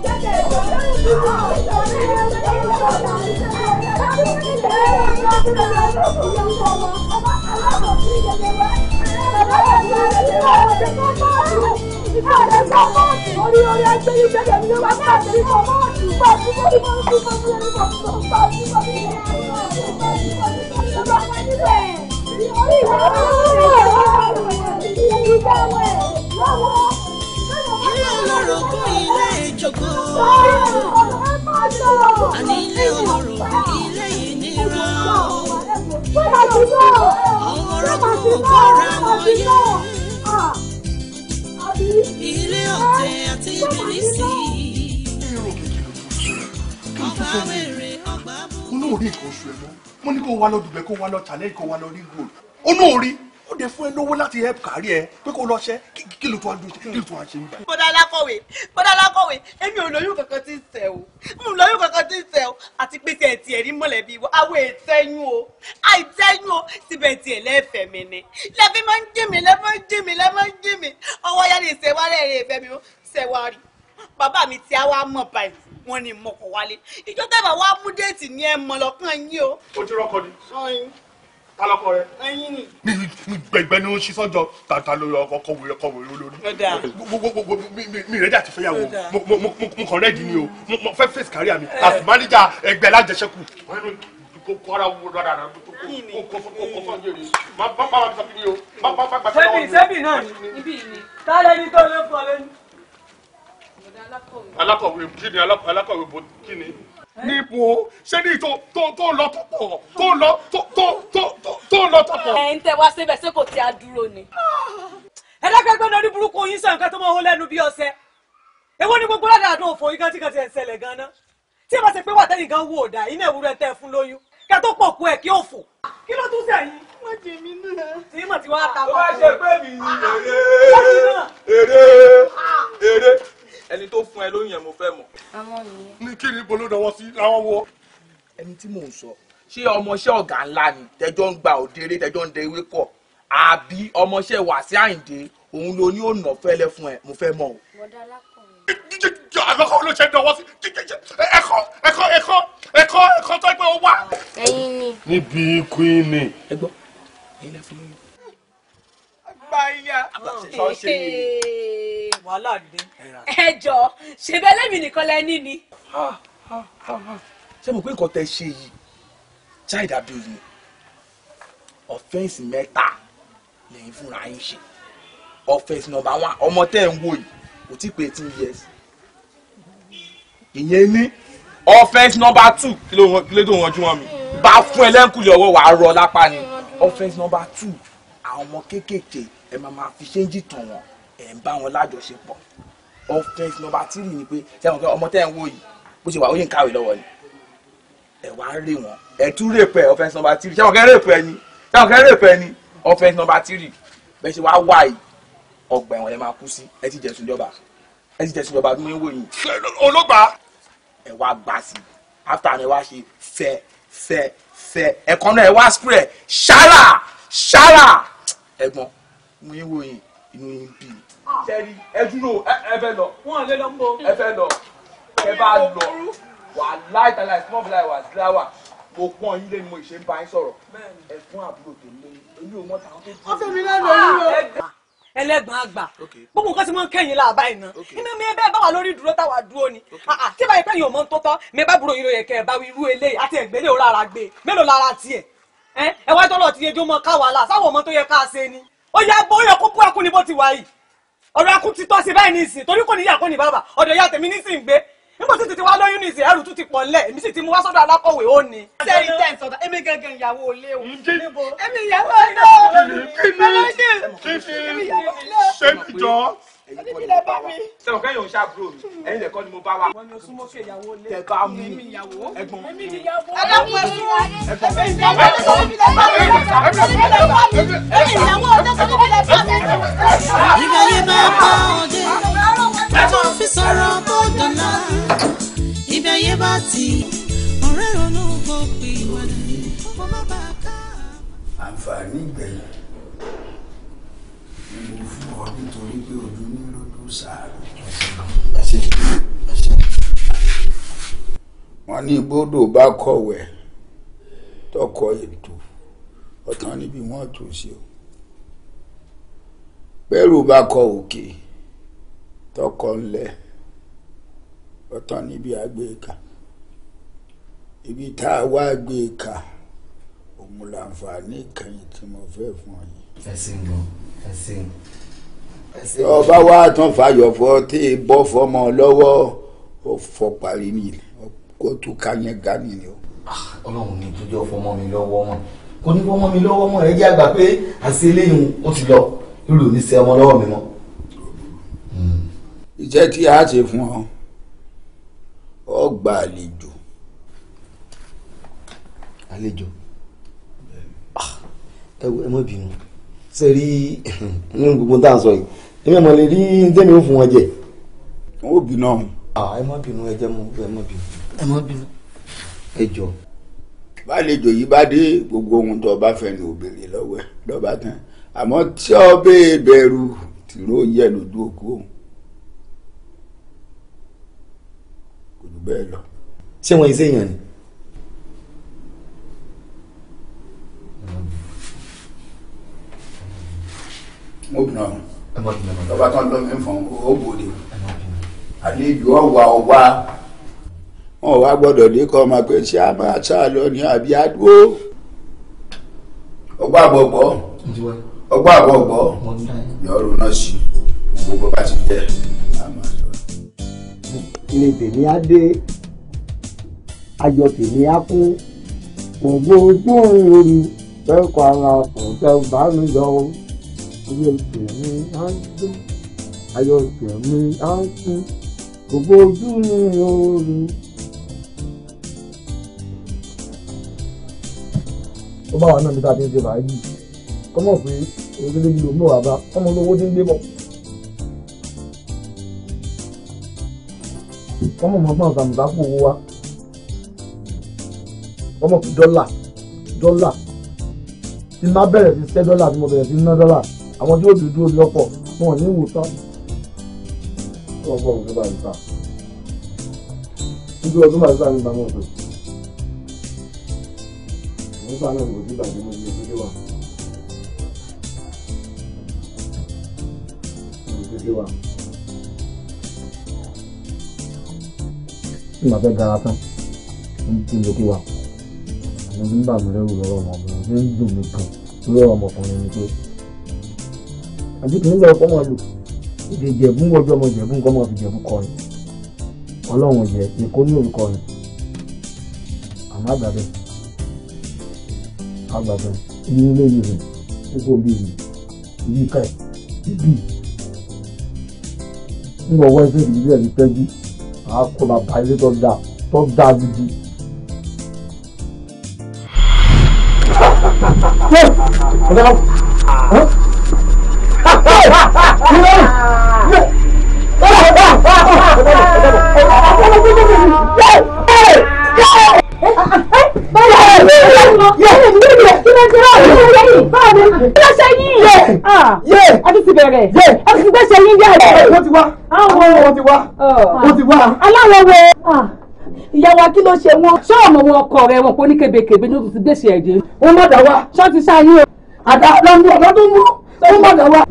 Thank you ìfẹ́ rẹ̀ sọ kọ́ra wọn yé àbí. ilé ọ̀tẹ̀ àti ìbílísì. irun kejì ló kù sí kí n tó fẹ́ mi. mo náà rí nǹkan oṣù ẹ̀ mọ́ mo ní kó wá lọ Dubai kó wá lọ challenge kó wá lọ rí gold ó náà rí ó dé fún ẹ lówó láti help kárí ẹ pé kó lọ ṣẹ kí ló tún á dùn kí ló tún á ṣe ń bá. bọ́dà alákọ̀wé bọ́dà alákọ̀wé èmi ò lóyún kankan tí ń sẹ̀ o mo lóyún kankan tí ń sẹ̀ o àti pé tiẹ̀ tiẹ̀ rí mọ̀lẹ́bí wo àwọn ètẹ́yún o àìtẹ́yún o síbẹ̀ tiẹ̀ lẹ́ẹ̀fẹ̀ mi ni lẹ́fí máa ń jí mi lẹ́fí máa ń jí mi lẹ́fí máa ń jí mi ọwọ́ yá ni ìṣẹ̀wárẹ̀ rẹ̀ ìfẹ́ bàbá mi ti ta lọkọ rẹ. ẹyin ni. mi mi gbẹgbẹ ni o ṣi sọjọ tata ló yọ ọkọ wèrè ọkọ wèrè olórí. gbogbo mi rẹ jàti fẹyàwó mo kàn rẹ́ẹ̀dì o mo fẹ́ fèsì kárí àmì rẹ kó kó kó fọ́ jèrè má má má mi o má má má gbàgbé lọ́wọ́ mi. sẹ́bì sẹ́bì náà ni ibi ni. tálẹ̀ ni tó ló fọ́ lẹ́nu. alákọ̀wé kí ni alákọ̀wé bò níbo ṣé ní tó tó tó lọ tó pọ̀ tó lọ tó tó tó tó lọ tó pọ̀. ẹ ń tẹ wá síbẹ̀ ṣé kò tí a dúró ni. ẹlẹ́gbẹ̀gbẹ́ ní oníburúkú yín sọ nǹkan tó máa hó lẹ́nu bí ọ̀sẹ̀ èwo ni gbogbo ládàá àdó òfò yín kan tí kan ti ẹ̀ ṣẹlẹ̀ gan-an tí ẹ bá ṣe pé wàtẹ́ nìkan wò ó dà yín náà ewúrẹ́ tẹ́ ẹ fún lóyún kẹ́ tó pọ̀ kú ẹ̀ kí òfò. kí ló tún sẹ̀ yín. jẹ mí náà. tí mà ti wá ta bọ́. ó wá ṣe pé mi ni èrè èrè èrè ẹni tó fún ẹ lóyún yẹn mo fẹ́ mọ̀. àmọ́ mi. ní kí ni bolo dọwọ́ sí láwọn ẹni tí mò ń sọ ṣé ọmọọṣẹ́ ọ̀gá ńlá ni tẹjọ́ ń gba òdeere tẹjọ́ ń da ewé kọ̀ àbí ọmọọṣẹ́ Wàsíù Àyìndé òun ló ní òònà fẹ́lẹ́ fún ẹ mo fẹ́ mọ̀ o. ló ṣe dọ̀wọ́ sí ẹ̀kọ́ ẹ̀kọ́ ẹ̀kọ́ ẹ̀kọ́ ẹ̀kọ́ tó gbé wa. ẹyin ni. níbi ikú ni. ẹ ẹyin lẹ fún mi bá yá. wàhálà dé. ẹ jọ ṣebí ẹlẹ́mìí nìkan lẹ ní ni. ṣé mo pé nǹkan tẹ ṣe yìí child abuse ni ọ̀fẹ́ǹsì mẹ́ta lẹ́yìn fúnra yín ṣe ọ̀fẹ́ǹsì nọ́mbà wán ọmọ tẹ́ ń wò yìí kò tí ì pé eighteen years ìyẹn ní offence number two kí ló dùn wọn júmọ́ mi bá fún ẹ lẹ́ńkùlẹ̀ ọwọ́ wàá rọ lápá ni offence number two àwọn ọmọ kéékèèké ẹ máa máa fi ṣéǹjì tàn wọ́n ẹ̀ ń bá wọn lájọṣepọ̀ offense number three ni pé sẹ́wọ̀n pé ọmọ tẹ́ ń wò yìí bó ṣe wà ó yẹ ń kàwé lọ́wọ́ ni ẹ̀ wá ń rè wọ́n ẹ̀ tún rèpẹ̀ offense number three sẹ́wọ̀n kẹ́ rèpẹ̀ ni sẹ́wọ̀n kẹ́ rèpẹ̀ ni offense number three bẹ́ẹ̀ ṣe wá wà yìí ọgbà ẹ̀wọ̀n lẹ́ máa kú sí ẹ ti jẹ̀sùn jọba ẹ ti jẹ̀sùn jọba dúró ń wò yìí. olóògbà. ẹ wá gbà sí after ẹ wá ṣe fẹ fẹ fẹ ẹ̀kọ́ náà ẹ wá spray ṣáàlà ṣáàlà ẹ̀gbọ́n mo yín wò yín inú yín bí. sẹ́ẹ̀rì ẹ dúró ẹ fẹ́ lọ. wọ́n lè lọ mbọ. ẹ fẹ́ lọ ẹ bá lọ wà láì tàlà ẹ̀ fún ọ̀bùnà síláwà mo pọ́n yín lé ni mo ṣe ń bá yín sọ̀rọ̀ ẹ fún àbúrò tèmi èmi ò mọ tàwọn tó dé. wọ́n fi mi lẹ́nu olúwo ẹlẹ́gbọ̀n àgbà gbogbo nǹkan tí wọ́n ń kẹ́yìn láàbá iná inú mi bẹ́ẹ̀ bá wà lórí dúró táwa dúró ni ah, ah, tí báyìí pé yóò tó tọ́ mi bá burú yìí ló kẹ́ ẹ bá irú eléyìí àti ẹ̀gbẹ́lẹ́ òun lára gbé mélòó lára tiẹ̀ ẹ wá tọ́lọ̀ tiẹ̀ jó mọ káwa la sáwọn ọmọ tó yẹ ká ṣe ni ó yá bó yẹ kó kú ẹkún ni bó ti wà yìí ọ̀rọ̀ ẹkún ti tọ́ sí báyìí nísìn torí kò ní yà kó ní bàbà ọ̀dọ̀ ìyá tèmi nísìn gbé nígbà tí tètè wá lóyún nísìn ẹrù tún ti pọ̀ ńlẹ̀ èmi sì ti mú wá sọ́dọ̀ alákọ̀wé ó ní. sẹ́yìn tẹ̀ ń sọ̀tà èmi gẹ́gẹ́ ìyàwó olé o. èmi ìyàwó olé o. èmi ìyàwó olé o. èmi ìyàwó olé o ẹ̀yin kọ́ ni mo bá wa sẹ́wọ̀n kẹ́yìn òun ṣàbúrò mi ẹ̀yin lẹ̀kọ́ ni mo bá wa. wọ́n mú ẹ̀gbọ́n àǹfààní ìgbẹ̀yìn ni mo fún ọ nítorí pé ojú kú sáàrù. wọ́n ní bódò bá kọ̀wé tọkọ ètò ọ̀tán níbi wọ́n tó ṣe o bẹ́rù bá kọ òkè tọkọ ńlẹ̀ ọ̀tán níbi àgbéka ibi tá a wá gbé ka òun làǹfààní ìkẹyìn tí mo fẹ́ fún ọ yìí. ẹ ṣeun ẹ ṣeun ọba wa tán fàyọ̀fọ́ tí ì bọ́ fọmọ lọ́wọ́ ó fọ parí ni kó tún ká yẹn ga ni ni o. Ah, ọlọ́run ní ìtújọ́ fọmọ mi lọ́wọ́ mọ́ kò ní fọmọ mi lọ́wọ́ mọ́ ẹ jẹ́ àgbà pé àṣẹ eléyìí ó ti lọ lórí òní sẹ ọmọ lọ́wọ́ mi mọ́. Hmm. iṣẹ́ tí a ṣe fún ọ ọ gba àlejò. àlejò ah, ẹ mọ̀ bínú ṣe rí [laughs] nínú gbogbo tá à sọ yìí èmi ọmọ lè rí ndémi ó fún wọn jẹ. n ó bínú ọ̀hún. ẹ má bínú ẹ jẹ́ mọ ẹ má bínú ẹ má bínú ẹ jọ. bálejò yìí bá dé gbogbo ohun tó bá fẹ́ ni ò béèrè lọ́wọ́ ẹ̀ lọ́ba tán àmọ́ tí ọ bẹ́ẹ̀ bẹ̀rù tìró yẹ lójú òkú òun kò jù bẹ́ẹ̀ lọ. ṣé wọn ìṣe èèyàn ni. mo bìnrin ọ̀hún lọ́ba tán lọ́mọ ẹ̀fọn ó bòde àlejò ọ̀wà ọ̀wà wọn ò wá gbọ́dọ̀ dé kọ́ ọmọ pé tí a máa ṣá lọ ní àbí àdúgbò ọgbà àbọ̀gbọ́ ọgbà àbọ̀gbọ́ yọrù náà sí gbogbo bá ti jẹ́ ilé tèmi á dé ayọ̀ tèmi á kún ògbó ojú òun lórí fẹ́ kọ́ ara kò tẹ́ bá mi lọ ilé ìpè mi á ń dún ayọ̀ ìpè mi á ń dún gbogbo ojú mi ò rí. ó bá wa náà níta tí ń ṣe fàájì kọ́mọ̀ pé orílẹ̀ èdè lòún bọ̀ wá bá ọmọ olówó tí ń gbé bọ̀. kọ́mọ̀ mọ́ fún àtàmùtà kó owó wa kọ́mọ̀ pé dọ́là dọ́là tí má bẹ̀rẹ̀ sí ṣẹ́ tí mo bẹ̀rẹ̀ sí ná dọ́là àwọn tí ó dúdú lọ́pọ̀ wọn ò ní wò tán ọgbọ́n òfin bá mi ta ọdún bá mi ta mọ́tò nípa náà kò sí ìgbàgbé mo fi ojú wa tí màá fẹ́ gara tán ń tí lókè wa àwọn onígbàgbọ́ lẹ́rù lọ́rọ̀ ọmọbìnrin ń dùn mí kan lórí ọmọkùnrin ni pé àti kì í lọ kọ́ mọ lò èdè jẹ̀bú ń wọjú ọmọ jẹ̀bú nǹkan mọ̀ fi jẹ̀bú kọrin ọlọ́run jẹ èkó ní orúkọ rẹ̀ àmọ́ àgbàbẹ̀ àgbàbẹ̀ ní ilé yìí rẹ̀ kíkó bí ibi ká ibi ń lọ wọ́n ṣe ìdílé ẹ̀ ní pẹ́jú àákọ́lá báyìí tó dáa tó dáa gidi. Yeah. ọmọ yẹ yẹ kí ló ṣe báwo ló ṣe yìí báwo ló kí ló ṣe yìí yẹ yẹ a ti ti bẹ̀rẹ̀ yẹ a ti ti gbẹsẹ yín yẹ ẹ wọ́n ti wá wọ́n ti wá wọ́n ti wá. aláwọ̀ wo ìyàwó kí ló ṣe wọn. ṣé ọmọ wọn ọkọ rẹ wọn kò ní kébékébé ní oṣù tí gbèsè ẹ̀jẹ̀. wọn má dá wa. ṣọ́ọ̀tì sáyé o. àdá lọ́mú ọ̀dọ́ tó ń mú ó mọ̀nà wa.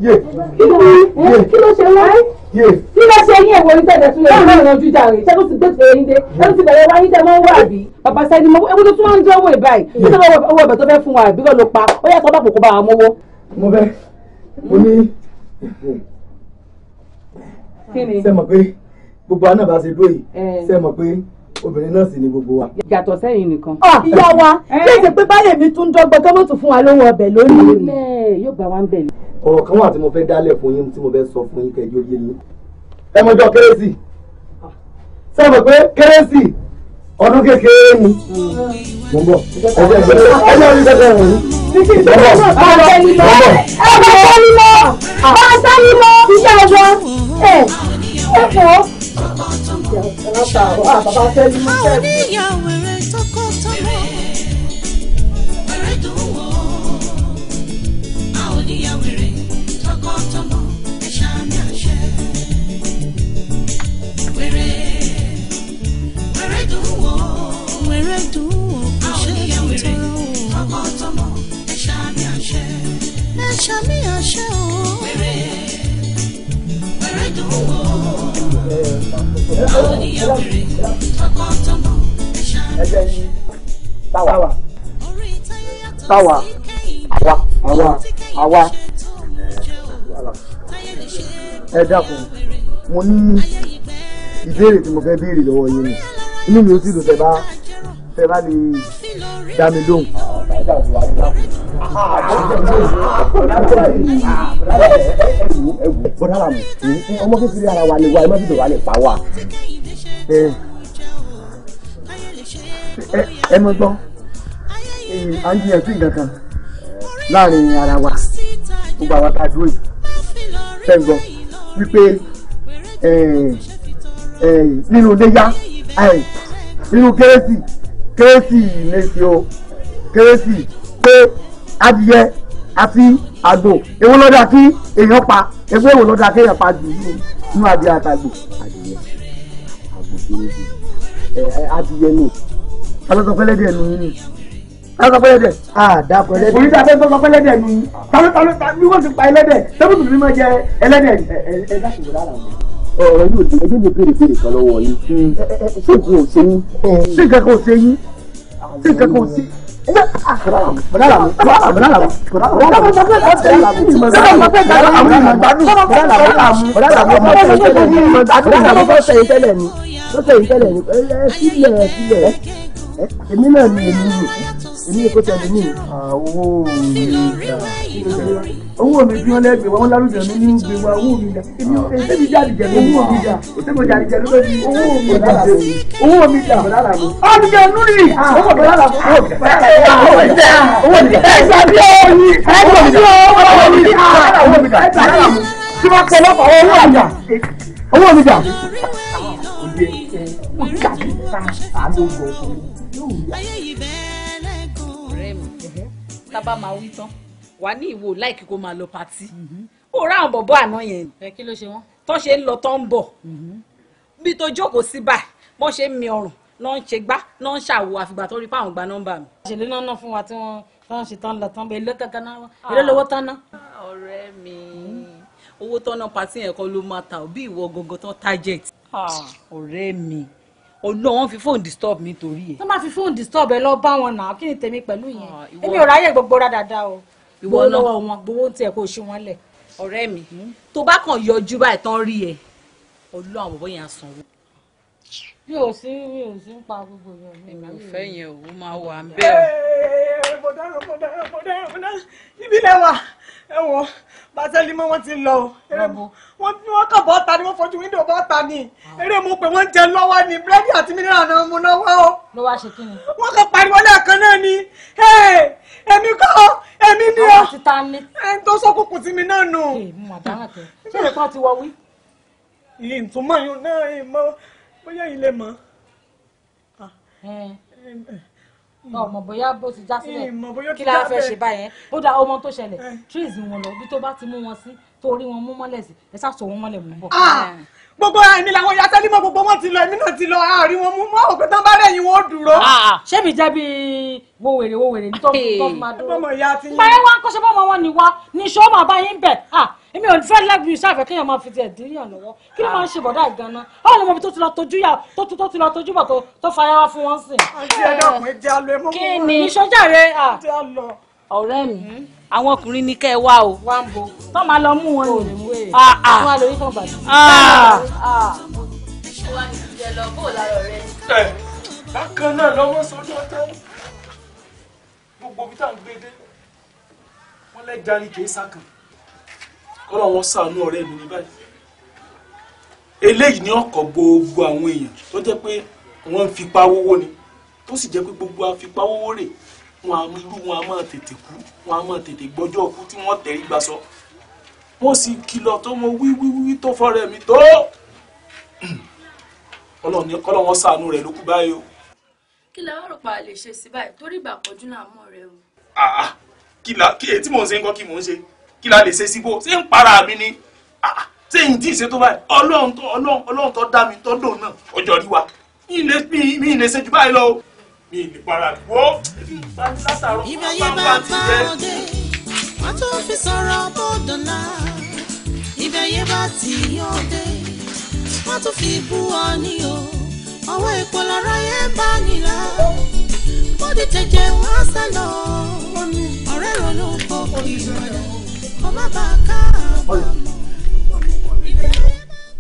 kí ló ṣe wá kí ló ṣe yín ẹ̀wọ̀ yín tẹ̀lé tún yẹ kí wọ́n yanjú jàre ṣé ló ti gbé tẹ̀lé yín dé ṣé ló ti bẹ̀rẹ̀ wá yín tẹ̀ wá àbí bàbá sẹ́ni mọ́ ewu tún máa ń jẹ́ owó ìbá yìí kí ló owó ẹ̀bẹ̀ tó fẹ́ fún wa àbí kò ló pa ó yẹ sọ́dọ̀ kókó bá wa mọ́wọ́. mo fẹ́ mo ní sẹ́mọ̀ pé gbogbo àná dúró yìí sẹ́mọ̀ pé obìnrin náà sì ni gbogbo wa. yàtọ̀ sẹ́yìn nìkan. ìyá wa léṣe pé báyẹ̀ mi tún dọ́gbọ́n tó mọ̀ tún fún wa lówó ọbẹ̀ lónìí. ilé yóò gbà wá ń bẹ̀. ọ̀rọ̀ kan wà tí mo fẹ́ dálẹ̀ fún yín tí mo fẹ́ sọ fún yín kẹjọ yé mi. ẹ mọ jọ kérésì ṣé mo pé kérésì ọdún kékeré ni. mo ń bọ̀ ẹjẹ ìgbẹ́ ẹjẹ orí kẹkẹ rẹ̀ ni. Ọ̀sẹ̀ ni mo, ọ̀sẹ̀ ni mo, ìyá ọ̀dọ́, ẹ̀ ẹ̀ fọ́ àwọn oníyàwó rẹ̀ tọkọtọmọ. ṣàmì àṣẹ o. Wèrè wèrè dùn wò àwọn ìyàwèrè ọkọ tọmọ ẹ dákun mo ní ìbéèrè tí mo fẹ́ béèrè lọ́wọ́ yín ni inú mi ò sì dùn tẹ́ bá fẹ́ bá lè dá mi lóhùn. ọmọ kékeré ara wa lè wá ẹ má fi lè pa wá. ẹ mọ gbọ́ à ń jiyàn sí nǹkan láàrin ara wa gbogbo àwọn tá dúró yìí fẹ́ gbọ́ wípé nínú iléyá nínú kérésì kérésì ìlẹsì o kérésì pé adìyẹ àti àgbò èwo ló dá kí èèyàn pa ẹgbẹ́ èwo ló dá kí èèyàn pa jù nínú adìyẹ àtàgbò. adìyẹ àgbò kérésì adìyẹ nù. alọ́sọ̀fẹ́lẹ́ díẹ̀ nù yín ni alọ́sọ̀fẹ́lẹ́dẹ̀. àdàpẹ̀lẹ́dẹ̀. orí dàbẹ́ sọ́sọ́fẹ́lẹ́dẹ̀ nù yín. talótalótaló ni wọ́n ti pa ẹlẹ́dẹ̀ tẹ́bùtù mi máa jẹ ẹlẹ́dẹ̀ ẹ̀ẹ́dàṣùwò lára wọn ọ̀rọ̀ yóò di ẹgbẹ́ mi béèrè béèrè kan lọ́wọ́ yín ṣé nǹkan ò ṣe yín ṣé nǹkan kan ò ṣe yín ṣé nǹkan kan ò ṣe èmi náà ni èmi rò èmi ni kò tẹ̀lé mi. owó mi dà owó mi bí wọn lẹ́gbẹ̀ẹ́ wọn lárúgbìn mi ní gbé wa owó mi dà èmi ò tẹ̀lé mi jáde jẹ̀lú owó mi dà òtẹ́mi jáde jẹ̀lú ló di owó mi dà owó mi dà ọ̀dùnkẹ́ lórí owó mi dà owó mi dà owó mi dà owó mi dà ẹ̀sà bí oyin ẹ̀sà bí oyin owó mi dà ẹ̀sà bí oyin tí wọ́n pẹ̀lú ọ̀pọ̀ owó àjà owó mi dà ó dé ẹ̀ ó dàbí sáà ló gbọ́ ọkùnrin yóò yá tábà máa wí tán wà ní ìwò láìkí kó máa lọ pàtí mhm. ó rà àwọn bọ̀bọ̀ àná yẹn ni. tó ṣe ń lọ tó ń bọ̀ mhm. bí tó jókòó sí báyìí bó ṣe ń mi ọrùn lọ ń ṣe gbá lọ ń ṣàwò àfìgbà tó rí pàwọn gba nọ́mbà mi. ìṣèlú náà náà fún wa tí wọ́n tán ṣe tán lọ tán bẹ ilé kankan náà ilé ah. lówó tán ná. ọ̀rẹ́ mi owó tán náà pàtí yẹn kan ló máa ta ò bí ìwọ gọgọ tán target. Ah. ọ̀rẹ́ mi. Ọlọ́run fi fóònù disturb mi torí ẹ̀. tó máa fi fóònù disturb ẹ lọ bá wọn nà kí ni tèmi pẹ̀lú yẹn ah, èmi ò ráyè gbogbo ra dáadáa o gbowó lọ́wọ́ wọn gbowó tiẹ̀ kó o ṣí wọn lẹ̀. ọ̀rẹ́ mi hmm? tó bá kàn yọjú báyìí tán rí ẹ Ọlọ́run àwọn bọ́yìn á sanwó. mi ò sí mi ò sí ń pa gbogbo rẹ. èmi ò fẹ́ yẹn o máa wà ń bẹ́ẹ̀. mo dárò mo dárò mo dárò mo dárò ibi lẹ́wà ẹ̀wọ̀n pàṣẹlí mọ́ wọ́n ti ń lọ o wọ́n ní wọ́n kàn bọ́ta ni wọ́n fojú wíńdò bọ́ta ni ah. eré mo pè wọ́n jẹ lọ́wọ́ ni búrẹ́dì àti mínírà náà mo lọ́wọ́ o. ló wá ṣe kíni. wọ́n kàn pariwo lẹ́ẹ̀kan náà ni èmi kọ́ èmi ni o ẹni tó sọ́kùnkùn sí mi náà nù. ṣé ìpọ́n ti wọ wí. ìyè ìtumọ̀ yóò náà ìmọ̀ bóyá ilé mọ́. Ah ọmọ bóyá bó ti já sílẹ̀ kí la fẹ́ ṣe báyẹn ó dá ọmọ tó ṣẹlẹ̀ eh. trees wọn lọ bí tó bá ti mú wọn sí torí wọn mú mọ́lẹ̀ sí ẹ sá so wọn mọ́lẹ̀ mú bọ̀. Ah! gbogbo ẹni làwọn ìyá tẹ́lẹ̀ mọ́ gbogbo wọn ti lọ èmi náà ti lọ àárín wọn mú mọ́ òkú tán bá rẹ̀ yín wọn ó dúró. Ah, ah. ṣé mi jẹ́ bíi wo wèrè wo wèrè nítorí tó máa dúró. bọ́mọ ìyá ti yín. báyẹn wá ń kọ́ṣẹ́ bọ́mọ wọn ni wá ní ṣọ́ọ́ èmi ò fẹ́ lẹ́bi iṣẹ́ àfẹ́ kéèyàn máa fi ti ẹ̀dín yàn lọ́wọ́ kí ló máa ń ṣe bọ̀dá ìgànná báwo ni mo fi tó ti lọ tójú yà tó tó ti lọ tójú bọ̀ tó fayá wá fún wọn sìn. àti ẹ̀dá ọkùnrin jẹ́ alẹ́ mọ́ kí ni ìṣọ́jàre ọ̀rẹ́ mi hmm? àwọn ọkùnrin ní kẹ́ ẹ wá o tó máa lọ mú wọn nìyí wọn á lórí bàjẹ́. bákan náà lọ́wọ́ sọ́jọ́ tẹ́ gbogbo kọ́lọ́ wọn ṣàánú ọ̀rẹ́ mi ní báyìí eléyìí ni ọkọ̀ gbogbo àwọn èèyàn tó jẹ́ pé wọ́n ń fipá wówó ni tó sì jẹ́ pé gbogbo afipá wówó rè wọn àmọ́ wọn a máa tètè kú wọn a máa tètè gbọ́jọ́ kú tí wọ́n tẹ̀rí gbà sọ wọ́n sì kìlọ̀ tó mọ wíwíwí tó fọ́rẹ́ mi tó kọ́lọ́ wọn ṣàánú rẹ̀ ló kú báyìí o. kí la wọ́n rò pa lè ṣe sí báyìí torí ìgbà pọ̀jù náà mọ̀ rẹ o. Ah, ah, kí la kí èyí tí mò ń ṣe ń kọ́ kí mò ń ṣe kí la lè ṣe síbò ṣé ń para mi ni ah, ṣé ń tí ṣe tó báyìí ọlọ́run tó ọlọ́run ọlọ́run tó dá mi tó dùn náà ọjọ́ rí wa mi ì lè ṣe jù báyìí lọ o mi ì lè para wọ́ látàrọ ìbáyé bá bá ọdẹ wọn tó fi sọ̀rọ̀ bọ́dọ̀lá ìbáyé bá ti ọdẹ wọn tó fi bú ọ ní o ọwọ́ epo lọ́rọ̀ yẹn bá nílá bóde jẹjẹ wọn sá lọ ọ̀rẹ́ rẹ̀ ló kọ́ kí padà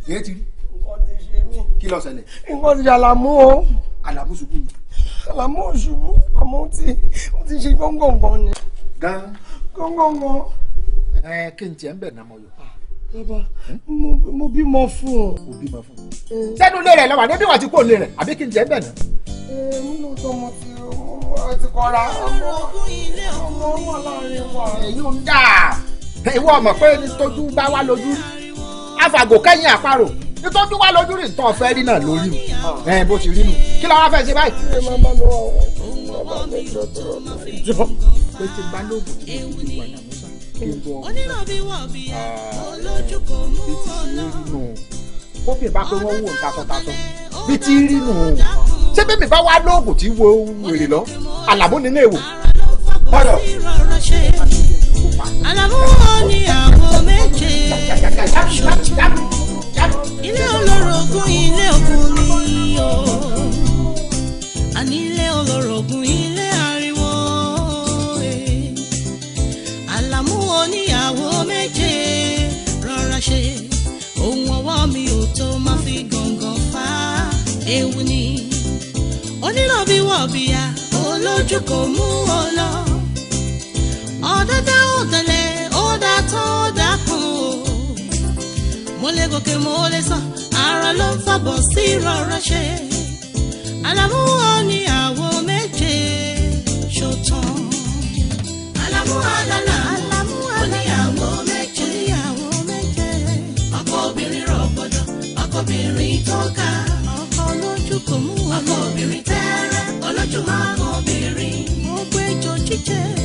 yẹ ti kí ló ṣẹlẹ̀. nǹkan ti àlàmú o. àlàmú ṣubú ni. àlàmú ò ṣubú àmọ́ ó ti ó ti ṣe gángangan ni. gan. gángangan. ẹ kí n tiẹ̀ ń bẹ̀ náà yọ. Ah, bàbá mo bímọ fún ọ. mo bímọ fún ọ. Eh. sẹ́nu lé rẹ̀ lọ́wọ́ àdébíwá ti kó lé rẹ̀ àbí kí n tiẹ̀ ń bẹ̀ náà. ẹ mi ló tọ́ mo ti mo ti kọ́ra ọmọ ọmọ wà láàrin wa. èyí ń dà ìwọ ọmọ pé tójú bá wá lójú àfàgò kẹ́yìn àparò nítorí wá lójú rìn tán fẹ́ rí náà lórí mi ah. ẹ bó ti rí mi kí la wá fẹ́ ṣe báyìí. ṣé máa bá lọ bàbá mi jọ tọrọ lọ. jọ pé ti bá lóògùn tó ń bí wà lámúsà kí n bọ ọmọ onírọ̀ bí wọ̀ bí ẹ ah. olójú kò mú ọ̀nà. ó fi bá pé wọ́n wò ń tasọ̀tasọ bí ti rí nù. ṣé bẹ́ẹ̀ mi bá wá lóògùn tí wo wèrè lọ àlàmú nínú èwò. bọ́dọ̀. Àlàmú ni àwo méje ilé olórogún ilé òkun ni o ani ilé olórogún ilé ariwo Àlàmú oníyàwó méje rara ṣe ohun ọwọ́ mi ò tó máa fi gàngàn fà á ewu ni onírọ̀bíwọ̀bíà olójú kò mú ọ lọ ọ̀dọ́dọ́. lè gòkè mo lè sàn ara ló ń fàbọ̀ sí rọra ṣe Àlàmú ọ̀nì àwo méje ṣòtàn. Àlàmú àlàlà Àlàmú oníyàwó méje oníyàwó méje. ọkọ obìnrin rọ̀ gbọ́dọ̀ ọkọ obìnrin tó ọkọ olójú kò mú wọn. ọkọ obìnrin tẹ́rẹ̀ olójú máa ń obìnrin. ó gbẹ́jọ jíjẹ́.